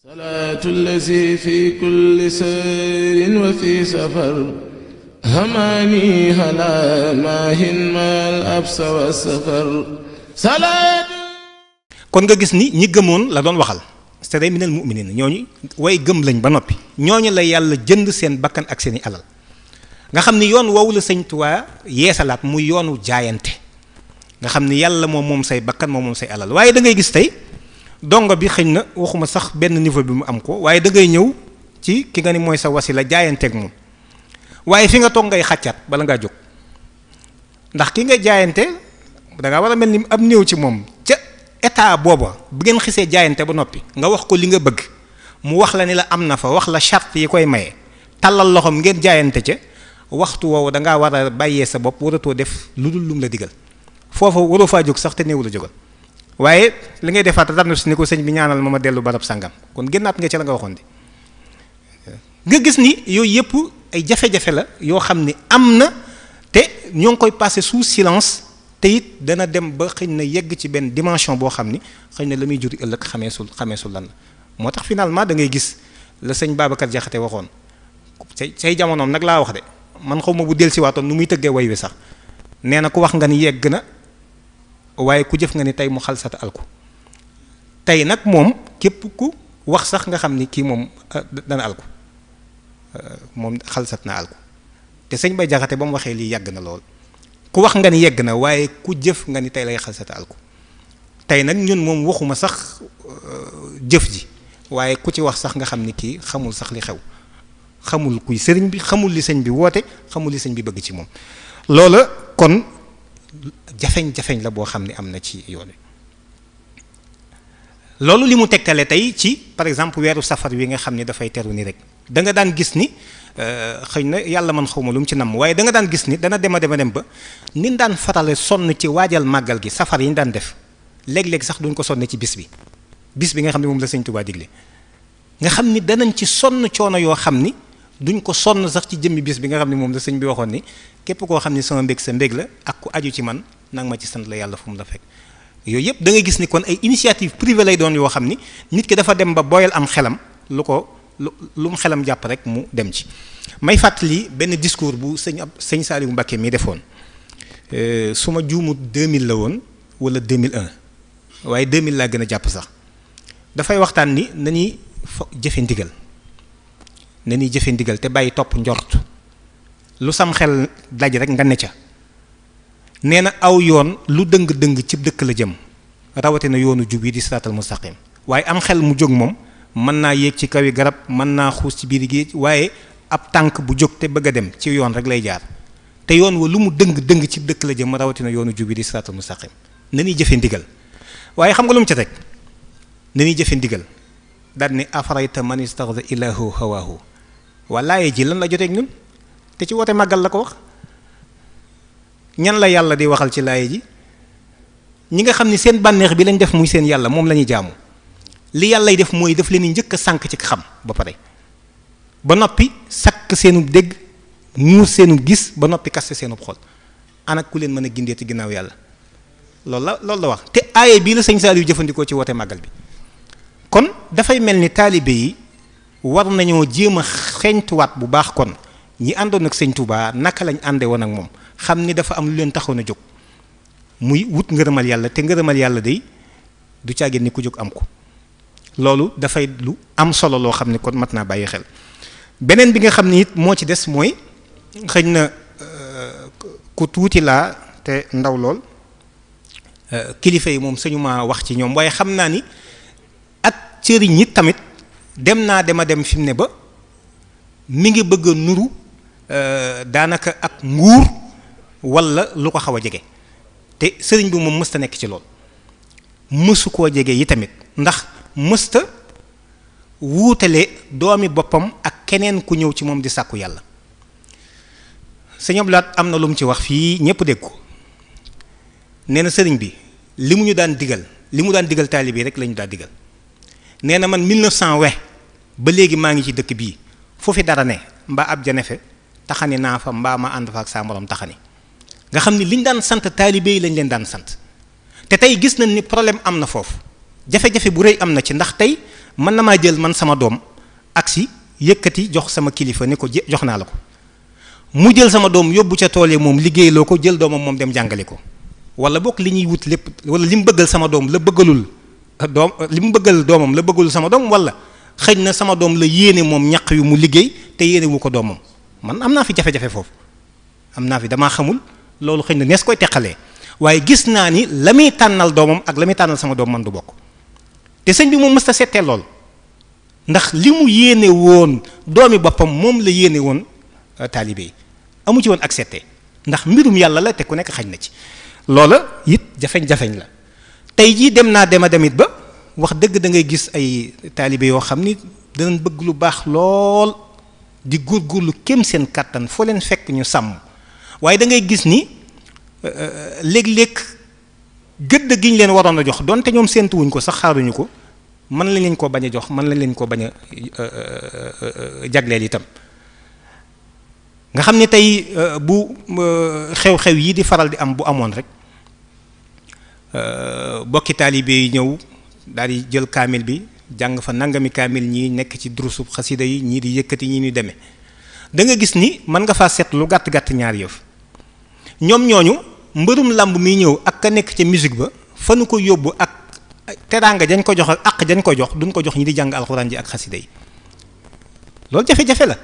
salaatu allazi fi kulli sayrin wa fi safar hamaani halaa maahin maal absa safar salaatu kon nga gis ni ñi gëmoon la doon waxal c'est minal mu'minin ñooñu way gëm lañ ba noppi ñoo ñooñu la yàlla jënd seen bakkan ak seeni alal nga xam ni yoon woowu la Sëñ Tuubaa yeesalaat muy yoonu jaayante nga xam ni yàlla moom moom say bakkan moom moom say alal waaye da ngay gis tey dongo bi xëñ na waxuma sax benn niveau bi mu am ko waaye da ngay ñëw ci ki nga ni mooy sa wasi wasila jaayanteeg moom waaye fi nga toog ngay xàccaat bala ngaa jóg ndax ki nga jaayante danga war a mel ni am néew ci moom ca état booba bi ngeen xisee jaayante ba noppi nga wax ko li nga bëgg mu wax la ni la am na fa wax la charte yi koy maye tàllal loxoom ngeen jaayante ca waxtu woowu da war a bàyyee sa bopp waratoo def lu dul lum la digal foofa waroo faa jóg sax te néew la jógal. waaye li ngay defaat dara si ni ko sëñ bi ñaanal ma ma dellu barab sangam kon génnaat nga ci la nga waxoon di nga gis ni yooyu yëpp ay jafe-jafe la yoo xam ni am na te ñoo ngi koy passé sous silence te it dana dem ba xëy na yegg ci benn dimension boo xam ni xëy na la muy juri ëllëg xamee sul xamee lan la moo tax finalement da ngay gis la sëñ Babacar Diakhaté waxoon say say jamonoom nag laa wax de man xaw ma bu dellusiwaatoon nu muy tëggee woy wi sax nee na ku wax nga ni yegg na. waaye ku jëf nga ni tey mu xalsata alku tey nag moom képp ku wax sax nga xam ni kii moom euh, dana alku euh, moom xalsat na alku te sëñ ba jaxate ba mu waxee lii yàgg na lool ku wax nga ni yegg na waaye ku jëf nga ni tey lay xalsata alku tey nag ñun moom waxuma sax euh, jëf ji waaye ku ci wax sax nga xam ni kii xamul sax li xew xamul kuy sëriñ bi xamul li sëñ bi woote xamul li sëñ bi bëgg ci moom loola kon jafeñ-jafeñ la boo xam ne am na ci yoon wi loolu li mu tegtale tey ci par exemple weeru safar wi nga xam ne dafay teru ni rek da nga daan gis ni euh, xëy na yàlla man xaw ma lu mu ci namm waaye da nga daan gis ni dana dem a dem a dem ba nin daan farale sonn ci waajal màggal gi safar yi ñu daan def léeg-léeg sax duñ ko sonne ci bis bi bis bi nga xam ne moom la sëñ Tuubaa digle nga xam ni danañ ci sonn coono yoo xam ni duñ ko sonn sax ci jëmmi bis bi nga xam ne moom la sëñ bi waxoon ni képp koo xam ne sama mbég sa mbég la ak ku aju ci man nag ma ci sant la yàlla fu mu la fekk yooyu yëpp da ngay gis ni kon ay initiative privée lay doon yoo xam ni nit ki dafa dem ba booyal am xelam lu ko lu lu mu xelam jàpp rek mu dem ci may fàttali benn discours bu sëñ ab sëñ Saliou Mbacké mi defoon euh, su ma juumut mille la woon wala un waaye 2000 laa gën a jàpp sax dafay waxtaan ni nañuy jëfe na ñuy jëfe ndigal te bàyyi topp njort lu sam xel daj rek nga ne ca nee na aw yoon lu dëng-dëng ci dëkk la jëm rawatina yoonu jub yi di siraatal mustaqim waaye am xel mu jóg moom mën naa yéeg ci kawi garab mën naa xuus ci biir géej waaye ab tànk bu jóg te bëgg dem ci yoon rek lay jaar te yoon wa lu mu dëng-dëng ci dëkk la jëm rawatina yoonu jub di siraatal mustaqim na ñuy jëfe ndigal waaye xam nga lu mu ca teg na ñuy jëfe ndigal daal ne afarayta man istaxda ilaahu waa laaye ji lan la joteeg ñun te ci wote màggal la ko wax ñan la yàlla di waxal ci laaye ji ñi nga xam ni seen bànneex bi lañ def muy seen yàlla moom la ñuy jaamu li yàllay def mooy daf leen njëkk a sànq ci xam ba pare ba noppi sakk seenub dégg muur seenub gis ba noppi kaste seenub xol ana ku leen mën a gindee ci ginnaaw yàlla loolu la loolu la wax te aaye bii la sëñ yu jëfandikoo ci woote màggal bi kon dafay mel ni taalibe yi war nañoo jéem a xeñtuwaat bu baax kon ñi àndoon ak sëñ Touba naka lañ àndee woon ak moom xam ni dafa am lu leen taxoon a jóg muy wut ngërëmal yàlla te ngërëmal yàlla day du caagin ni ku jóg am ko loolu dafay lu am solo loo xam ne kon mat naa bàyyi xel beneen bi nga xam ni it moo ci des mooy xëñ na euh, ku tuuti laa te ndaw lool euh, kilifa yi moom suñu ma wax ci ñoom waaye xam naa ni ak cëriñ it tamit. dem naa dema dem fi ne ba mi ngi bëgg a nuru euh, daanaka ak nguur walla lu ko xaw a jege te sëriñ bi moom mësta nekk ci lool mësu koo jege yi tamit ndax mësta wuutale doomi boppam ak keneen ku ñëw ci moom di sàkku yàlla sëñ laat am na lu mu ci wax fii ñëpp dégg ko nee na sëriñ bi li mu ñu daan digal li mu daan digal taalibe yi rek la ñu digal nee na man 1920 ba léegi maa ngi ci dëkk bii fu dara ne mbaa ab janefe taxani naa fa mbaa ma ànd fa ak saa morom taxani nga xam ni ñu daan sant taalibe yi lañ leen daan sant te tey gis nañ ni problème am na foofu jafe-jafe bu rëy am na ci ndax tey mën na maa jël man sama doom ak si yëkkati jox sama kilifa ne ko jox naa la ko mu jël sama doom yóbbu ca tool yi moom liggéeyloo ko jël doomam moom dem jàngale ko wala bokk li ñuy wut lépp wala li mu bëggal sama doom la bëggalul doom li mu bëggal doomam la bëggul sama doom wala xëj na sama doom la yéene moom ñaq yu mu liggéey te yéene wu ko doomam man am naa fi jafe-jafe foofu am naa fi damaa xamul loolu xëj na nees koy teqalee waaye gis naa ni la muy tànnal doomam ak la muy tànnal sama doom man du bokk te sëñ bi moom mës ta settee lool ndax li mu yéene woon doomi boppam moom la yéene woon euh, taalibe yi amu ci woon ak settee ndax mbirum yàlla la te ku nekk xaj na ci loola it jafeñ-jafeñ la tey jii dem naa dema demit ba wax dëgg da ngay gis ay taalibe yoo xam ni danañ bëgg lu baax lool di góorgóorlu kem seen kàttan foo leen fekk ñu sàmm waaye da ngay gis ni euh, euh, léeg-léeg gëdd gi ñu leen waroon a jox donte ñoom séentuwuñ ko sax xaaruñu ko man lañ leen ko bañ a jox man lañ leen ko bañ a euh, jagleel itam nga xam ni tey bu xew-xew yi di faral di am bu amoon rek bokki taalibe yi ñëw. daal di jël kaamil bi jàng fa nangami kaamil ñii nekk ci durusub xasida yi ñii di yëkkati ñii ni demee da nga gis ni mën nga faa seet lu gàtt gàtt ñaar yëf ñoom ñooñu mbërum làmb mi ñëw ak ka nekk ca musique ba fa nu ko yóbbu ak teraanga dañ ko jox ak àq dañ ko jox duñ ko jox ñi di jàng alxuraan ji ak xasida yi loolu jafe-jafe la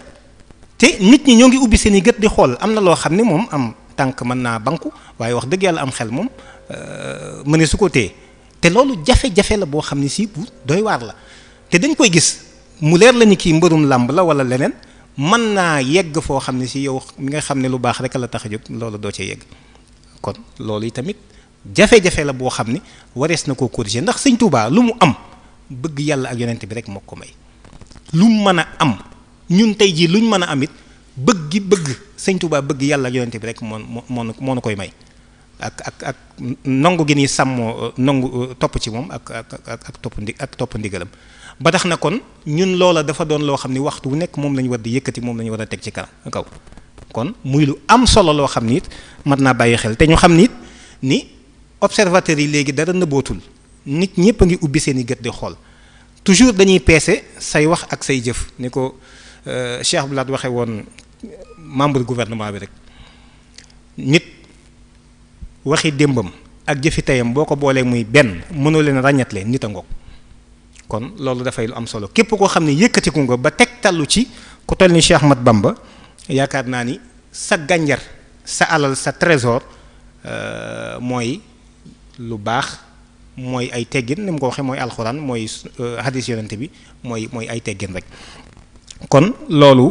te nit ñi ñoo ngi ubbi seen i gët di xool am na loo xam ne moom am tànk mën naa banku waaye wax dëgg yàlla am xel moom euh, mëne su ko téye te loolu jafe-jafe la boo xam ne si bu doy waar la te dañ koy gis mu leer lañu ni kii mbërum làmb la wala leneen mën naa yegg foo xam ne si yow mi nga xam ne lu baax rek la tax a jóg loolu doo cee yegg kon loolu yi tamit jafe-jafe la boo xam ne warees na koo corriger ndax sëñ Touba lu mu am bëgg yàlla ak yonent bi rek moo ko may lu mu mën a am ñun tey jii luñ mën a am bëgg gi bëgg sëñ Touba bëgg yàlla ak yonent bi rek moo moo moo na koy may. ak ak ak nongu gi nii sàmmoo euh, nongu euh, topp ci moom ak ak ak ak topp ndi ak topp ndigalam ba tax na kon ñun loola dafa doon loo xam ni waxtu wu nekk moom la ñu war di yëkkati moom la ñu war a teg ci kanam kaw kon muy lu am solo loo xam ni it mat naa bàyyi xel te ñu xam nit ni observateurs yi léegi dara nëbbootul nit ñëpp a ngi ubbi seen i gët di xool toujours dañuy peese say wax ak say jëf ni ko euh, Cheikh Abdoulaye waxee woon membre gouvernement bi rek nit. waxi démbam ak jëfi tayam boo ko boolee muy benn mënoo leen ràññat leen nit a ngoog kon loolu dafay lu am solo képp koo xam ne yëkkatiku nga ba teg tàllu ci ku toll ni Cheikh Bamba yaakaar naa ni sa gànjar sa alal sa trésor euh, mooy lu baax mooy ay teggin ni mu ko waxee mooy alxuraan mooy euh, hadis yonent bi mooy mooy ay teggin rek kon loolu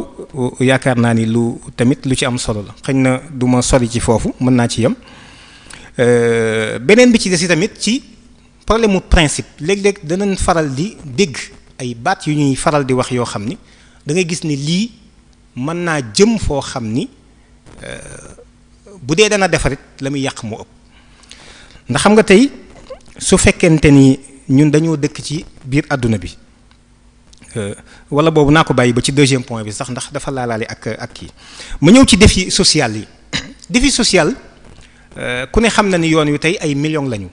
yaakaar naa ni lu tamit lu ci am solo la xëñ na duma ma sori ci foofu mën naa ci yem Euh, beneen bi ci des tamit ci problème mu principe léeg-léeg danañ faral di dégg ay baat yu ñuy faral di wax yoo xam ni da ngay gis ni lii mën naa jëm foo xam ni euh, bu dee dana defarit la muy yàq moo ëpp ndax xam nga tey su fekkente ni ñun dañoo dëkk ci biir àdduna bi euh, wala boobu naa ko bàyyi ba ci deuxième point bi sax ndax dafa laalaale ak ak kii ma ñëw ci défi social yi défi social Euh, ku ne xam na ni yoon wi tey ay millions lañu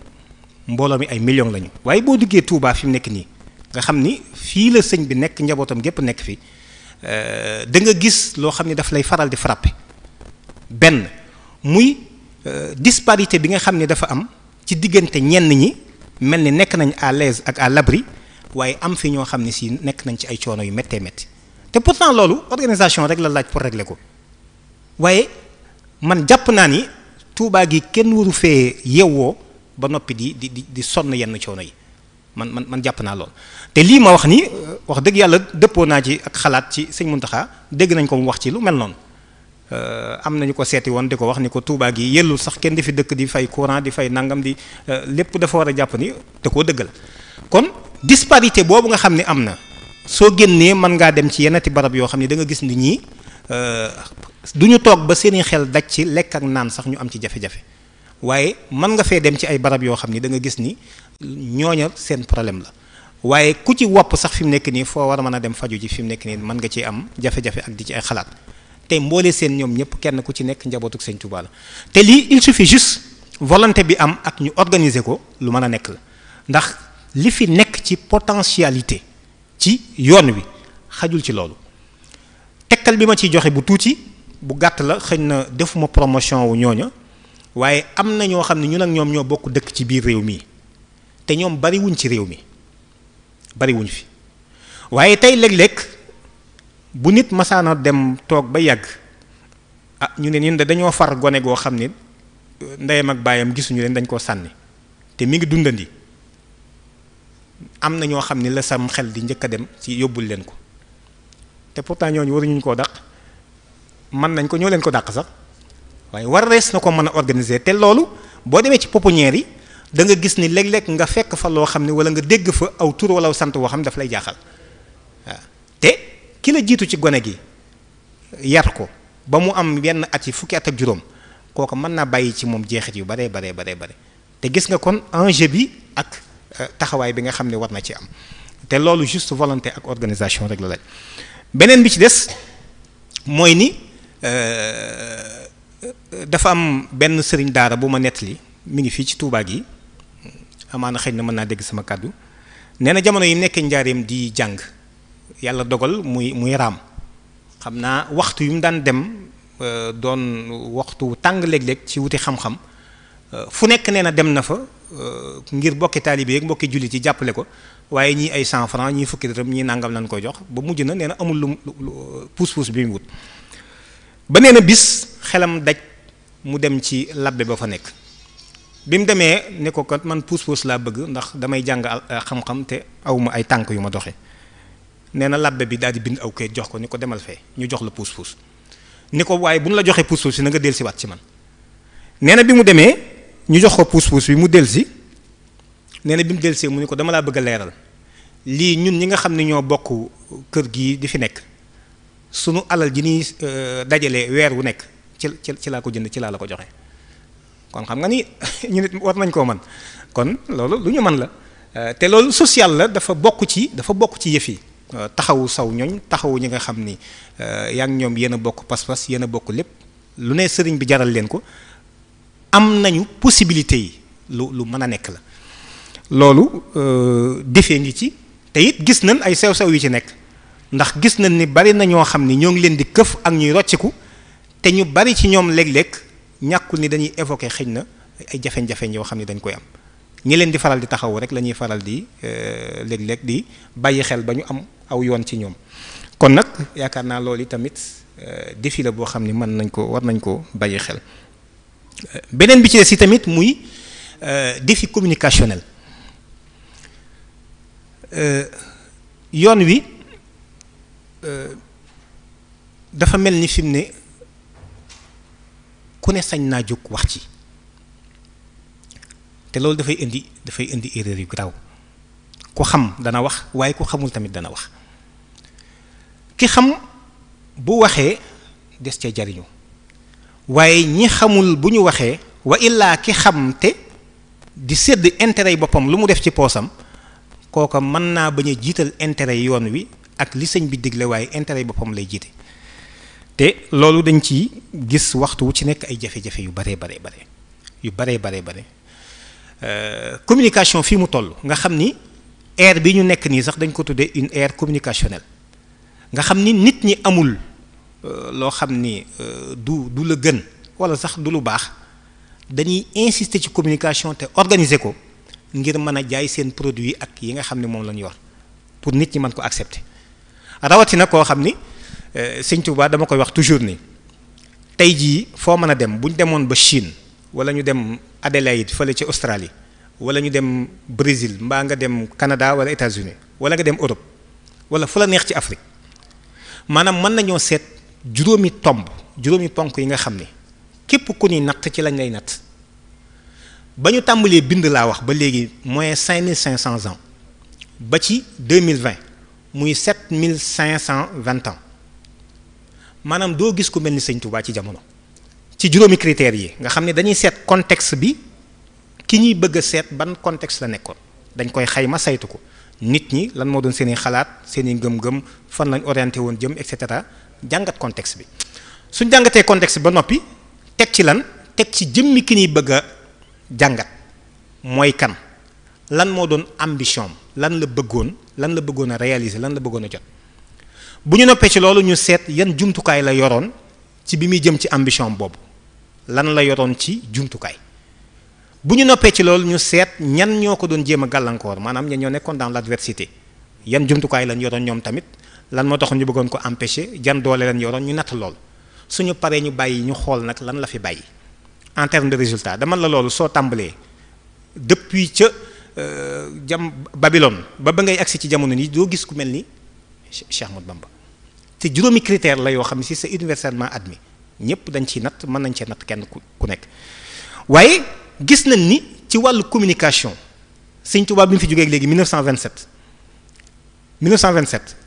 mbooloo mi ay millions lañu. waaye boo duggee Touba fi mu nekk nii nga xam ni fii la sëñ bi nekk njabootam gépp nekk fi euh, da nga gis loo xam ni daf lay faral di frappé benn muy euh, disparité bi nga xam ni dafa am ci diggante ñenn ñi mel ni nekk nañ à l'aise ak à l'abri waaye am fi ñoo xam ne si nekk nañ ci ay coono yu méttee métti te pourtant loolu organisation rek la laaj pour régler ko waaye man jàpp naa ni. tuubaa gi kenn waru fee yewwoo ba noppi di di di sonn yenn coono yi man man man jàpp naa lool te lii ma wax ni euh, wax dëgg yàlla dëppoo naa ci ak xalaat ci sëñ Muntaxa dégg nañ ko mu wax ci lu mel noonu euh, am nañu ko seeti woon di ko wax ni ko tuubaa gi yellul sax kenn di fi dëkk di fay courant di fay nangam di euh, lépp dafa war a jàpp ni da koo dëggal kon disparité boobu nga xam ne am na soo génnee mën ngaa dem ci yenn barab yoo xam ne danga gis ni ñii du ñu toog ba seeni xel daj ci lekk ak naan sax ñu am ci jafe-jafe waaye mën nga fee dem ci ay barab yoo xam ni danga gis ni ñooña seen problème la waaye ku ci wopp sax fi mu nekk nii foo war a mën a dem faju ji fi mu nekk nii mën nga ci am jafe-jafe ak di ci ay xalaat te mboole seen ñoom ñëpp kenn ku ci nekk njabootuk Sëñ Tuubaa te lii il suffit juste volonté bi am ak ñu organise ko lu mën a nekk la ndax li fi nekk ci potentialité ci yoon wi xajul ci loolu tegtal bi ma ciy joxe bu tuuti bu gàtt la xëñ na defuma promotion wu ñooña waaye am na ñoo xam ne ñu ak ñoom ñoo bokk dëkk ci biir réew mi te ñoom bariwuñ ci réew mi bariwuñ fi waaye tey léeg lekk bu nit masaana dem toog ba yàgg ah ñu ne ñun de dañoo far gone goo xam ne ndeyam ak baayam gisuñu leen dañ koo sànni te mi ngi dundandi am na ñoo xam ne la sam xel di njëkk a dem ci yóbbul leen ko te pourtant ñooñu waruñu koo daq mën nañ ko ñoo leen ko dàq sax waaye war rees na ko mën a organiser te loolu boo demee ci pouponnière yi da nga gis ni léeg lekk nga fekk fa loo xam ne wala nga dégg fa aw tur wala aw sant woo xam ne dafa lay jaaxal te ki la jiitu ci gone gi yar ko ba mu am yenn at yi fukki at ak juróom kooku mën naa bàyyi ci moom jeexit yu baree baree baree bare te gis nga kon enjeu bi ak euh, taxawaay bi nga xam ne war na ci am te loolu juste volonté ak organisation rek la beneen bi ci des mooy ni Euh, dafa am benn sëriñ daara bu ma nettali mi ngi fii ci Touba gi amaana xëy na mën naa dégg sama kàddu nee na jamono yi nekkee njaareem di jàng yàlla dogal muy muy raam xam naa waxtu yu mu daan dem euh, doon waxtu tàng léeg-léeg ci wuti xam-xam euh, fu nekk nee na dem na fa ngir mbokki taalibe yeeg mbokki jullit yi jàppale ko waaye ñii ay cent francs ñii fukki dërëm ñii nangam lañ koy jox ba mujj na nee na amul lu puus puus bi mu wut. ba nee bis xelam daj mu dem ci labbe ba fa nekk bi mu demee ne ko kat man puus-puus laa bëgg ndax damay jàng euh, xam-xam te awma ay tànk yu ma doxe nee na labbe bi daal di bind aw kayit jox ko ni ko demal fee ñu jox la puus-puus ni ko waaye bu ñu la joxee puus-puus yi na nga del ci man nee bi mu demee ñu jox ko puus-puus bi mu del si nee bi mu del see mu ni ko dama laa bëgg a leeral lii ñun ñi nga xam ne ñoo bokk kër gii di fi nekk sunu alal ji nii euh, dajale weer wu nekk ci ci ci laa ko jënd ci laa la ko joxe kon xam nga ni ñu nit war nañ koo man kon loolu lu ñu man la euh, te loolu social la dafa bokk ci dafa bokk ci yëf yi euh, taxawu saw ñooñ taxawu ñi nga xam ni yaa ngi ñoom yenn bokk pas-pas yéen a bokk lépp lu ne sëriñ bi jaral leen ko am nañu possibilité yi lu lu mën a nekk la loolu defee ngi ci te it gis nan ay sew-sew yu ci nekk. ndax gis nañ ni bari na ñoo xam ni ñoo ngi leen di këf ak ñuy rocciku te ñu bari ci ñoom léeg-léeg ñàkkul ni dañuy évoquer xëy na ay jafe-jafe yoo xam ni dañ koy am ñi leen di faral di taxawu rek la ñuy faral di euh, léeg-léeg di bàyyi xel ba ñu am aw yoon ci ñoom kon nag yaakaar naa loolu tamit euh, défi la boo xam ni mën nañ ko war nañ ko bàyyi xel euh, beneen bi ci des yi tamit muy défi communicationnel yoon wi. Euh, dafa mel ni fim ne ku ne sañ naa jóg wax ci te loolu dafay indi dafay indi erreur yu garaaw ku xam dana wax waaye ku xamul tamit dana wax ki xam bu waxee des cee jariñu waaye ñi xamul bu ñu waxee wa illaa ki xam te di sédd intérêt yi boppam lu mu def ci poosam kooka mën naa bañ a jiital intérêt yi yoon wi ak li sëñ bi digle waaye intérêt boppam lay jiite te loolu dañ ci gis waxtu wu ci nekk ay jafe-jafe yu baree baree bare yu baree baree bare euh, communication fii mu toll nga xam ni ère bi ñu nekk nii sax dañ ko tuddee une ère communicationnelle nga xam ni nit ñi amul euh, loo xam ni euh, du du la gën wala sax du lu baax dañuy insister ci communication te organiser ko ngir mën a jaay seen produit ak yi nga xam ne moom lañ yor pour nit ñi mën ko accepter rawatina koo xam ni euh, sëñ Tuubaa dama koy wax toujours ni tey jii foo mën a dem buñ demoon ba Chine wala ñu dem Adélaïde fële ci Australie wala ñu dem Brésil mbaa nga dem kanada wala États-Unis wala nga dem Europe wala fu la neex ci Afrique maanaam mën nañoo seet juróomi tomb juróomi ponk yi nga xam ni képp ku ni natt ci lañ lay natt ba ñu tàmbalee bind laa wax ba léegi moins cinq mille cinq cents ans ba ci deux mille vingt muy sept mille cinq cent vingt ans maanaam doo gis ku mel ni sëñ Touba ci jamono ci juróomi critères yi nga xam ne dañuy seet contexte bi ki ñuy bëgg a seet ban contexte la nekkoon dañ koy xayma saytu ko nit ñi lan moo doon seen i xalaat seen i ngëm-ngëm fan lañ orienté woon jëm et cetera jàngat contexte bi suñ jàngatee contexte ba noppi teg ci lan teg ci jëmmi ki ñuy bëgg a jàngat mooy kan lan moo doon ambition lan la bëggoon lan la bëggoon a réaliser lan la bëggoon a jot bu ñu noppee ci loolu ñu seet yan jumtukaay la yoroon ci bi muy jëm ci ambition boobu lan la yoroon ci jumtukaay bu ñu noppee ci loolu ñu seet ñan ñoo ko doon jéem a gàllankoor maanaam ñan ñoo nekkoon dans l'adversité yan jumtukaay lañ yoroon ñoom tamit lan moo taxoon ñu bëggoon ko empêcher jan doole lañ yoroon ñu natt lool suñu paree ñu bàyyi ñu xool nag lan la fi bàyyi en terme de résultat dama la loolu soo tàmbalee Euh, jam Babylone ba ba ngay agsi ci jamono nii doo gis ku mel ni Cheikh Ahmadou Bamba te juróomi critère la yoo xam ne si c'est universellement admis ñëpp dañ ciy natt mën nañ cee natt kenn ku nekk waaye gis nañ ni ci wàll communication Sëñ Tuubaa bi mu fi jógee léegi 1927 1927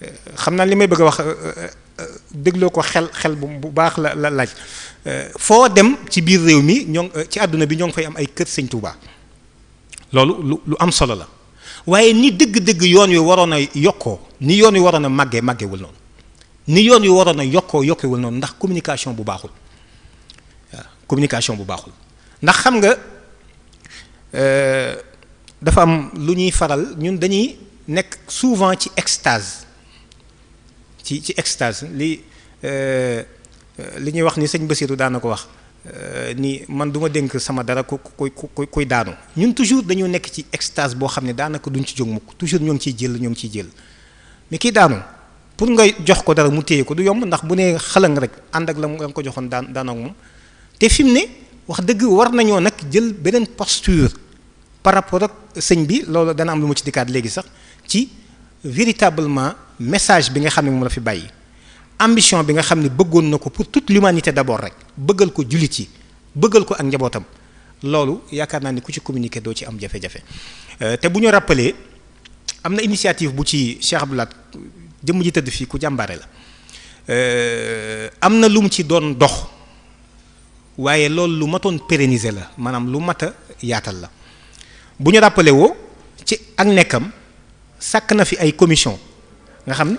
euh, xam naa li may bëgg a wax euh, dégloo ko xel xel bu baax la la laaj foo dem ci biir réew mi ñoo ci àdduna bi ñoo ngi fay am ay kër Sëñ Tuubaa loolu lu lu am solo la waaye ni dëgg-dëgg yoon wi waroon a yokkoo ni yoon wi waroon a màggee màggewul noonu ni yoon wi waroon a yokkoo yokkewul noonu ndax communication bu baaxul communication bu baaxul ndax xam nga euh, dafa am lu ñuy faral ñun dañuy nekk souvent ci extase ci ci extase li euh, li ñuy wax ni sëñ Basiru daan na ko wax Euh, nii man du ma dénk sama dara ku ku ku kuy daanu ñun toujours dañoo nekk ci extase boo xam ne daanaka duñ ci jóg mukk toujours ñoo ngi ciy jël ñoo ngi ciy jël mais kii daanu pour nga jox ko dara mu téye ko du yomb ndax bu nee xalang rek ànd ak la nga ko joxoon daan daan ak moom te fi mu ne wax dëgg war nañoo nag jël beneen posture par rapport ak sëñ bi loolu dana am lu ma ci dikkaat léegi sax ci véritablement message bi nga xam ne moom la fi bàyyi ambition bi nga xam ne bëggoon na ko pour toute l'humanité d'abord rek. bëggal ko jullit yi bëggal ko ak njabootam loolu yaakaar naa ni ku ci communiquer doo ci am jafe-jafe euh, te bu ñu rappeler am na initiative bu ci Cheikh Abdoulaye jëmm ji tëdd fii ku jàmbaare la euh, am na lu mu ci doon dox waaye loolu lu matoon pérenniser la maanaam lu mat a yaatal la bu ñu rappeler woo ci ak nekkam sàkk na fi ay commission nga xam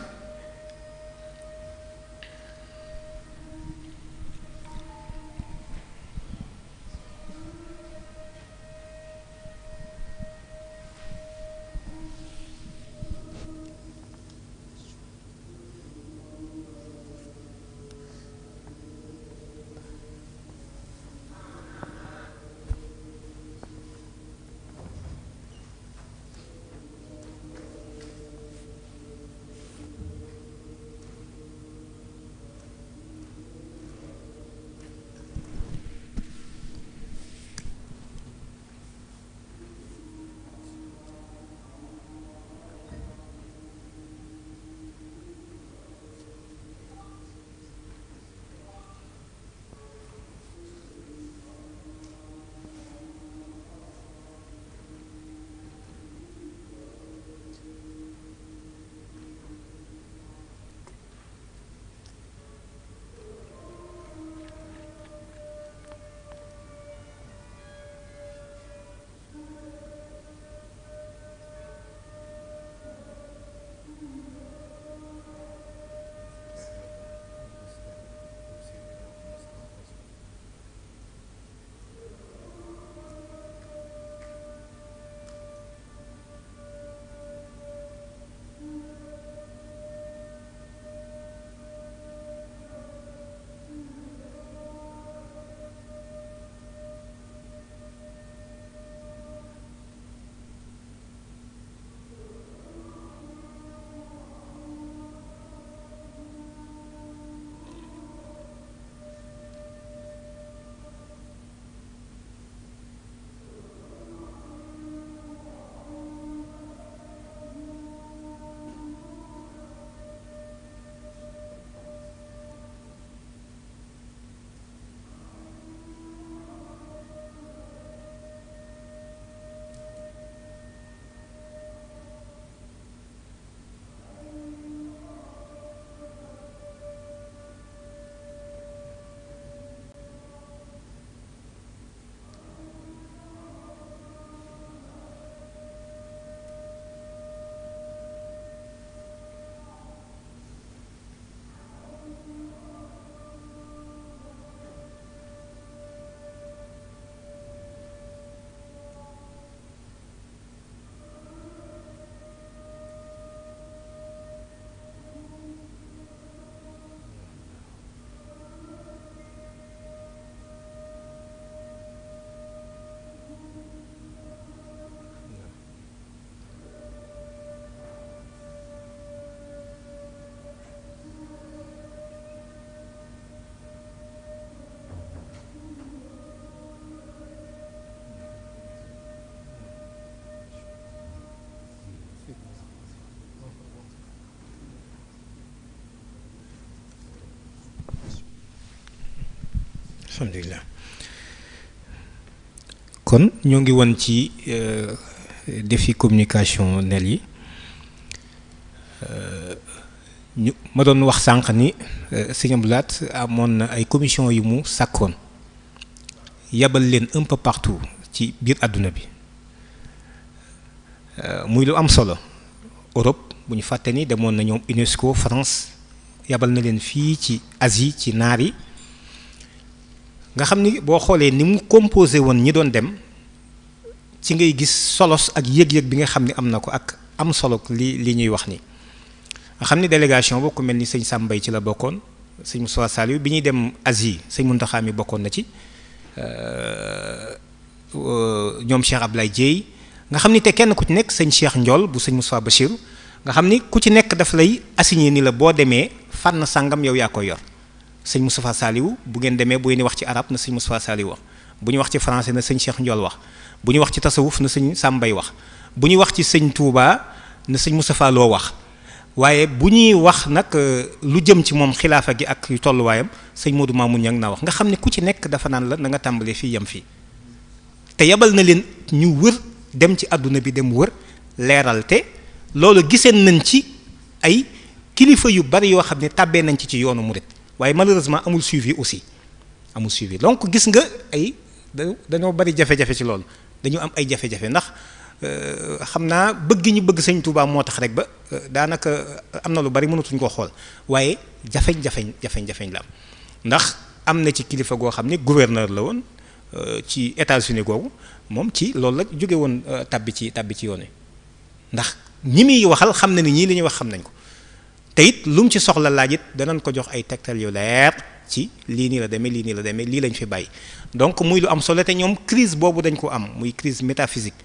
alhamdulilah kon ñoo ngi woon ci euh, defi communication nel yi euh, ñu ma doon wax sànq ni euh, sëñ Abdou amoon na ay commission yu mu sàkkoon yabal leen un partout ci biir àdduna bi muy lu am solo Europe bu ñu fàtte ni demoon na ñoom UNESCO France yabal na leen fii ci asi ci naar yi nga xam ni boo xoolee ni mu composé woon ñi doon dem ci ngay gis solos ak yëg-yëg bi nga xam ni am na ko ak am solo li li ñuy wax ni nga xam ni délégation boo ku mel ni sëñ Sàmbay ci la bokkoon sëñ Moussa Saliou bi ñuy dem Asie sëñ Muntaxa mi bokkoon na ci euh, ñoom Cheikh lay Dieye nga xam ni te kenn ku ci nekk sëñ Cheikh njool bu sëñ Moussa Bachir nga xam ni ku ci nekk daf lay assigné ni la boo demee fànn sàngam yow yaa koy yor sëñ Moustapha Saliou bu ngeen demee bu ngeen wax ci arab na sëñ Moustapha Saliou wax bu ñu wax ci français na sëñ Cheikh Ndiol wax bu ñu wax ci tasawuf na sëñ Sàmbay wax bu ñuy wax ci sëñ Touba na sëñ Moustapha Lo wax waaye bu ñuy wax nag euh, lu jëm ci moom xilaafa gi ak yu tolluwaayam sëñ Modou Mamoun ña ngi naa wax nga xam ne ku ci nekk dafa naan la na nga tàmbalee fii yem fii te yebal na leen ñu wër dem ci àdduna bi dem wër leeral te loolu giseen nañ ci ay kilifa yu bari yoo xam ne tàbbee nañ ci ci yoonu murit waaye malheureusement amul suivi aussi amul suivi donc gis nga ay dañoo bari jafe-jafe ci loolu dañu am ay jafe-jafe ndax euh, xam naa bëgg ñu bëgg sëñ Touba moo tax rek ba euh, daanaka euh, am na lu bari mënatuñ koo xool waaye jafeñ-jafeñ jafeñ-jafeñ la am ndax am na ci kilifa goo xam ni gouverneur la woon ci États-Unis googu moom ci loolu la jóge woon tabbi ci tabbi ci yoon wi ndax ñi muy waxal xam na ni ñii li ñuy wax xam nañ ko te it lu mu ci soxla laaj it danañ ko jox ay tegtal ci lii nii la demee lii nii la demee lii lañ fi bàyyi donc muy lu am solo te ñoom crise boobu dañ ko am muy crise métaphysique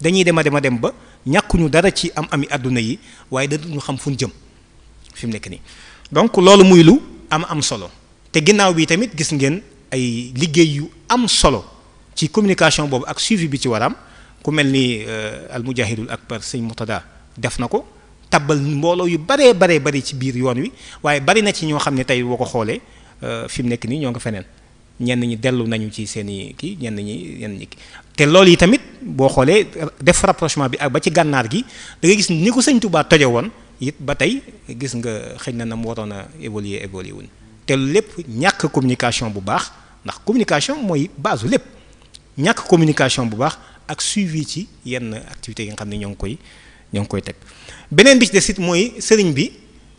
dañuy dem a dem a dem ba ñàkkuñu dara ci am ami àdduna yi waaye dañu xam fu jëm fi mu nekk nii donc loolu muy lu am am solo te ginnaaw bi tamit gis ngeen ay liggéey yu am solo ci communication boobu ak suivi bi ci waram ku mel ni euh, almujahidul akbar sëñ Murtada def na ko tabbal mbooloo yu baree baree bari ci biir yoon wi waaye bari na ci ñoo xam ne tey boo ko xoolee euh, fi mu nekk nii ñoo nga feneen ñenn ñi dellu nañu ci seen i kii ñenn ñi ñenn te loolu yi tamit boo xoolee def rapprochement bi ak ba ci gànnaar gi da gis ni ko sëñ Touba toje woon it ba tey gis nga xëy na na mu waroon a évoluer évoluer wuñ te lépp ñàkk communication bu baax ndax communication mooy base lépp ñàkk communication bu baax ak suivi ci yenn activités yi nga xam ne ñoo ngi koy. ñoo ngi koy teg beneen bis ci des mooy sëriñ bi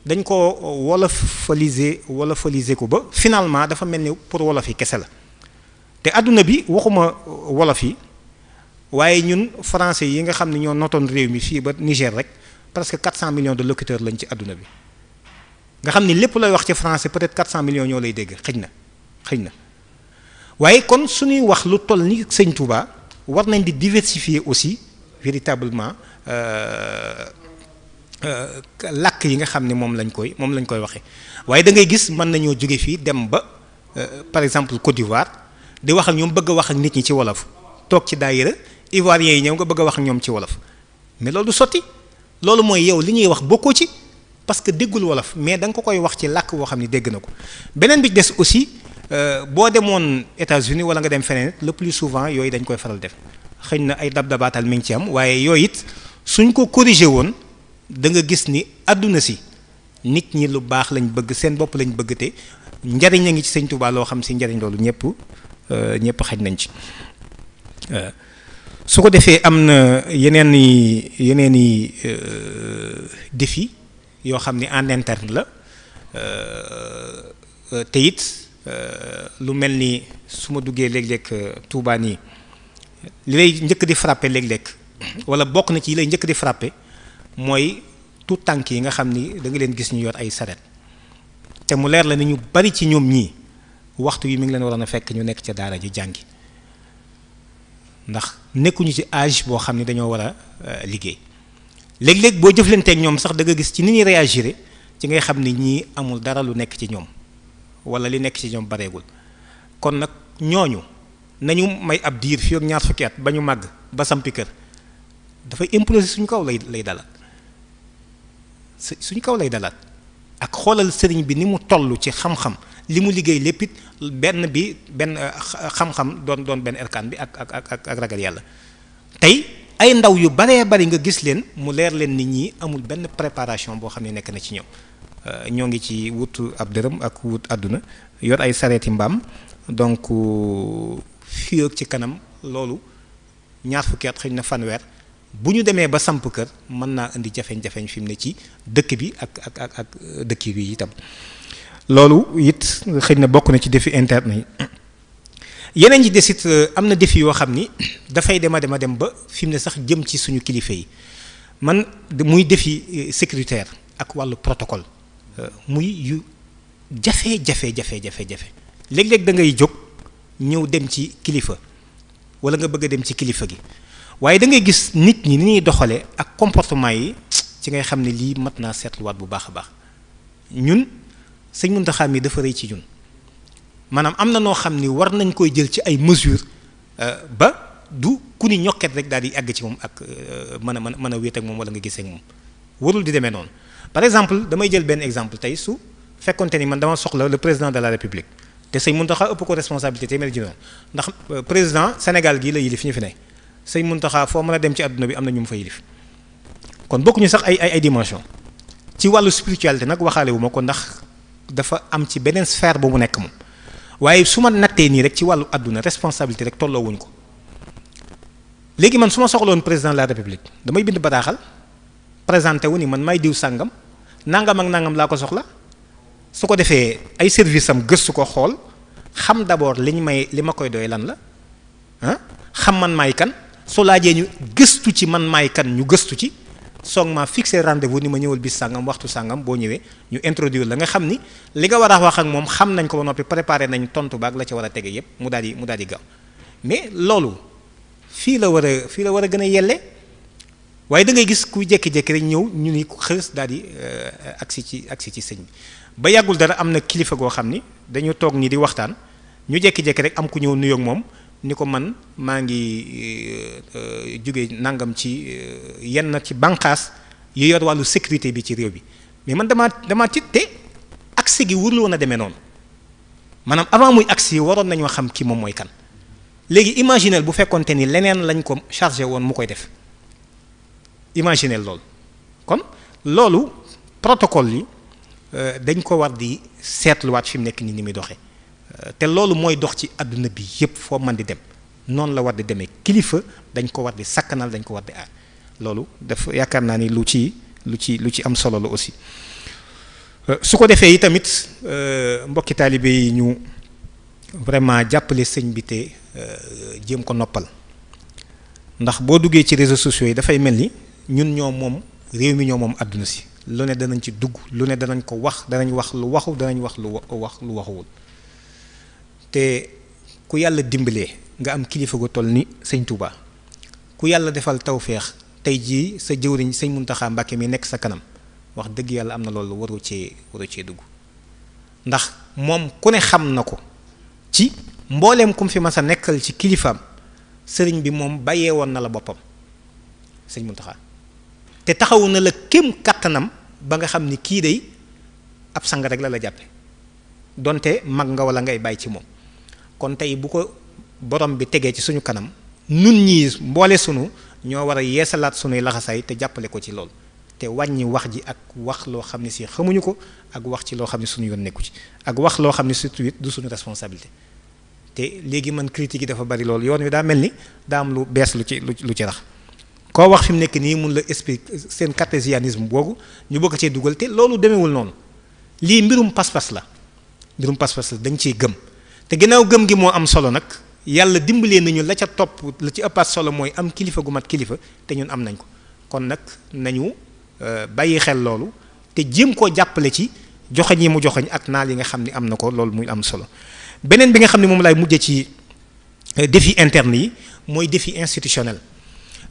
dañ ko wolofaliser wolofaliser ko ba finalement dafa mel ni pour wolof yi kese la te adduna bi waxuma wolof yi waaye ñun français yi nga xam ni ñoo notoon réew mi fii ba Niger rek presque 400 millions de locuteurs lañ ci adduna bi nga xam ni lépp lay wax ci français peut-être 400 millions ñoo lay dégg xëj na xëj na waaye kon suñuy wax lu toll ni sëñ Touba war nañ di diversifier aussi véritablement Euh, euh, làkk yi nga xam ne moom lañ koy moom lañ koy waxee waaye da ngay gis mën nañoo jóge fii dem ba euh, par exemple Côte d'Ivoire di wax ak ñoom bëgg wax ak nit ñi ci wolof toog ci daayira ivoiriens yi ñëw nga bëgg wax ñoom ci wolof mais loolu sotti loolu mooy yow li ñuy wax bokkoo ci parce que déggul wolof mais da nga ko koy wax ci làkk woo xam ne dégg na ko beneen bi des aussi boo demoon États-Unis wala nga dem feneen le plus souvent yooyu dañ koy faral def xëy na ay dab dabaatal mi ngi ci am waaye yooyu it suñ ko corrigé woon da nga gis ni àdduna si nit ñi lu baax lañ bëgg seen bopp lañ bëgg te njariñ a ngi ci sëñ Tuubaa loo xam si njariñ loolu ñëpp euh, ñëpp xaj nañ ci euh, su ko defee am na yeneen i yeneen i euh, défi yoo xam ni en interne la te it lu mel ni su ma duggee léeg-léeg Tuubaa nii li lay njëkk di frappé léeg wala bokk na ci yi lay njëkk di frappé mooy tout tànk yi nga xam ni danga leen gis ñu yor ay saret te mu leer la ni ñu bari ci ñoom ñii waxtu yi mi ngi leen waroon a fekk ñu nekk ca daara ji jàngi ndax nekkuñu ci âge boo xam ne dañoo war a euh, liggéey léeg-léeg boo jëflanteeg ñoom sax danga gis ci ni ñuy réagir ci ngay xam ni ñii amul dara lu nekk ci ñoom wala li nekk ci ñoom bareegul kon nag ñooñu nañu may ab diir fii ak ñaar fukki at ba ñu màgg ba sampi kër dafay imploser suñu kaw lay lay dalaat suñu kaw lay dalaat ak xoolal sëriñ bi ni mu tollu ci xam-xam li mu liggéey lépp it benn bi benn euh, xam-xam doon doon benn erkaan bi ak ak ak ak ragal yàlla tey ay ndaw yu baree bari nga gis leen mu leer leen nit ñi amul benn préparation boo xam ne nekk na ci ñëw euh, ñoo ngi ci wut ab dërëm ak wut àdduna yor ay sareeti mbaam donc euh, fii ak ci kanam loolu ñaar fukki at xëy na fanweer. bu ñu demee ba samp kër mën naa indi jafeñ-jafeñ fi mu ne ci dëkk bi ak ak ak ak dëkk bi itam loolu it xëy na bokk na ci defi interne yi yeneen yi des euh, am na défi yoo xam ni dafay dem a dem ba fi ne sax jëm ci suñu kilifa yi man muy defi euh, sécuritaire ak wàllu protocole euh, muy yu jafe jafe jafe jafe jafe léeg-léeg da ngay jóg ñëw dem ci kilifa wala nga bëgg dem ci kilifa gi waaye da ngay gis nit ñi ni ñuy doxalee ak comportement yi ci ngay xam ne lii mat naa seetluwaat bu baax a baax ñun sëñ Muntaxa mi dafa rëy ci ñun maanaam am na noo xam ni war nañ koy jël ci ay mesures euh, ba du ku ni ñokket rek daal di àgg ci moom ak euh, mën a mën mën a wéet ak moom wala nga gisee ak moom warul di demee noonu par exemple damay jël benn exemple tey su fekkonte ni man dama soxla le président de la république te sëñ Muntaxa ëpp ko responsabilité téeméer ji ndax euh, président Sénégal gii la ñu fi ne sëñ Muntaxa foo mën a dem ci àdduna bi am na ñu mu fa yilif kon bokkuñu sax ay ay ay dimension ci wàllu spiritualité nag waxaale wu ko ndax dafa am ci beneen sphère bu mu nekk moom waaye su ma nattee nii rek ci wàllu àdduna responsabilité rek tolloo ko léegi man su ma soxloon président de la république damay bind bataaxal présenté wu ni man may diw sàngam nangam ak nangam laa ko soxla su ko defee ay service am gëstu ko xool xam d'abord liñ may li ma koy doy lan la ah xam man su laajee ñu gëstu ci man maay kan ñu gëstu ci soog maa fixé rendez-vous ni ma ñëwal bis sàngam waxtu sàngam boo ñëwee ñu introduire la nga xam ni li nga war a wax ak moom xam nañ ko ba noppi préparé nañ tontu baag la ca war a tege yépp mu daal di mu daal di mais loolu fii la war a fii la war a gën a yelle waaye da ngay gis ku jékki-jékki rek ñëw ñu ni xës daal di euh, agsi ci agsi ci sëñ bi ba yàggul dara am na kilifa goo xam ni dañu toog nii di waxtaan ñu jékki-jékki rek am ku ñëw nuyoog moom. ni ko man maa ngi euh, euh, jóge nangam ci euh, yenn ci bànqaas yu yor wàllu sécurité bi ci réew bi mais man damaa damaa tiit te accès gi wurlu woon a demee noonu maanaam avant muy accès yi waroon nañoo xam ki moom mooy kan léegi imaginel bu fekkonte ni leneen lañ ko chargé woon mu koy def imaginel loolu kon loolu protocole yi dañ ko war di seetluwaat fi mu nekk nii ni muy doxee Euh, te loolu mooy dox ci àdduna bi yépp foo man di dem noonu la war di demee kilifa dañ ko war di sakkanal dañ ko war di aar ah, loolu dafa yaakaar naa ni lu ci lu ci lu ci am solo la aussi euh, su ko defee yi tamit euh, mbokki taalibe yi ñu vraiment jàppale sëñ bi te jéem ko noppal ndax boo duggee ci réseaux sociaux yi dafay mel ni ñun ñoo moom réew mi ñoo moom àdduna si lu ne danañ ci dugg lu ne danañ ko wax danañ wax lu waxu danañ wax lu wax lu waxuwul te ku yàlla dimbalee nga am kilifa gu toll ni sëñ Touba ku yàlla defal tawféex tey ji sa jëwriñ sëñ Muntaxa Mbàkke mi nekk sa kanam wax dëgg yàlla am na loolu waru cee waru cee dugg ndax moom ku ne xam na ko ci mbooleem kum fi ma sa nekkal ci kilifaam sëriñ bi moom bàyyee woon na la boppam sëñ Muntaxa te taxawu na la kem kàttanam ba nga xam ni kii day ab sang rek la la jàppe donte mag nga wala ngay bàyyi ci moom kon tey bu ko borom bi tegee ci suñu kanam nun ñii mboole sunu ñoo war a yeesalaat sunuy laxasaay te jàppale ko ci lool te wàññi wax ji ak wax loo xam ne si xamuñu ko ak wax ci loo xam ne suñu yoon nekku ci ak wax loo xam ne surtout it du suñu responsabilité te léegi mën critique yi dafa bari loolu yoon wi daa mel ni daa am lu bees lu ci lu ci rax koo wax fi mu nekk nii mun la expliquer seen cartésianisme boobu ñu bëgg cee dugal te loolu demeewul noonu lii mbirum pas la mbirum pas-pas la gëm te ginnaaw gëm gi moo am solo nag yàlla dimbalee nañu la ca topp la ci ëppaat solo mooy am kilifa gu mat kilifa te ñun am nañ ko kon nag nañu euh, bàyyi xel loolu te jéem koo jàppale ci joxoñ yi mu joxoñ ak naa yi nga xam ni am na ko loolu muy am solo beneen bi nga xam ne moom lay mujje ci euh, défi interne yi mooy défi institutionnel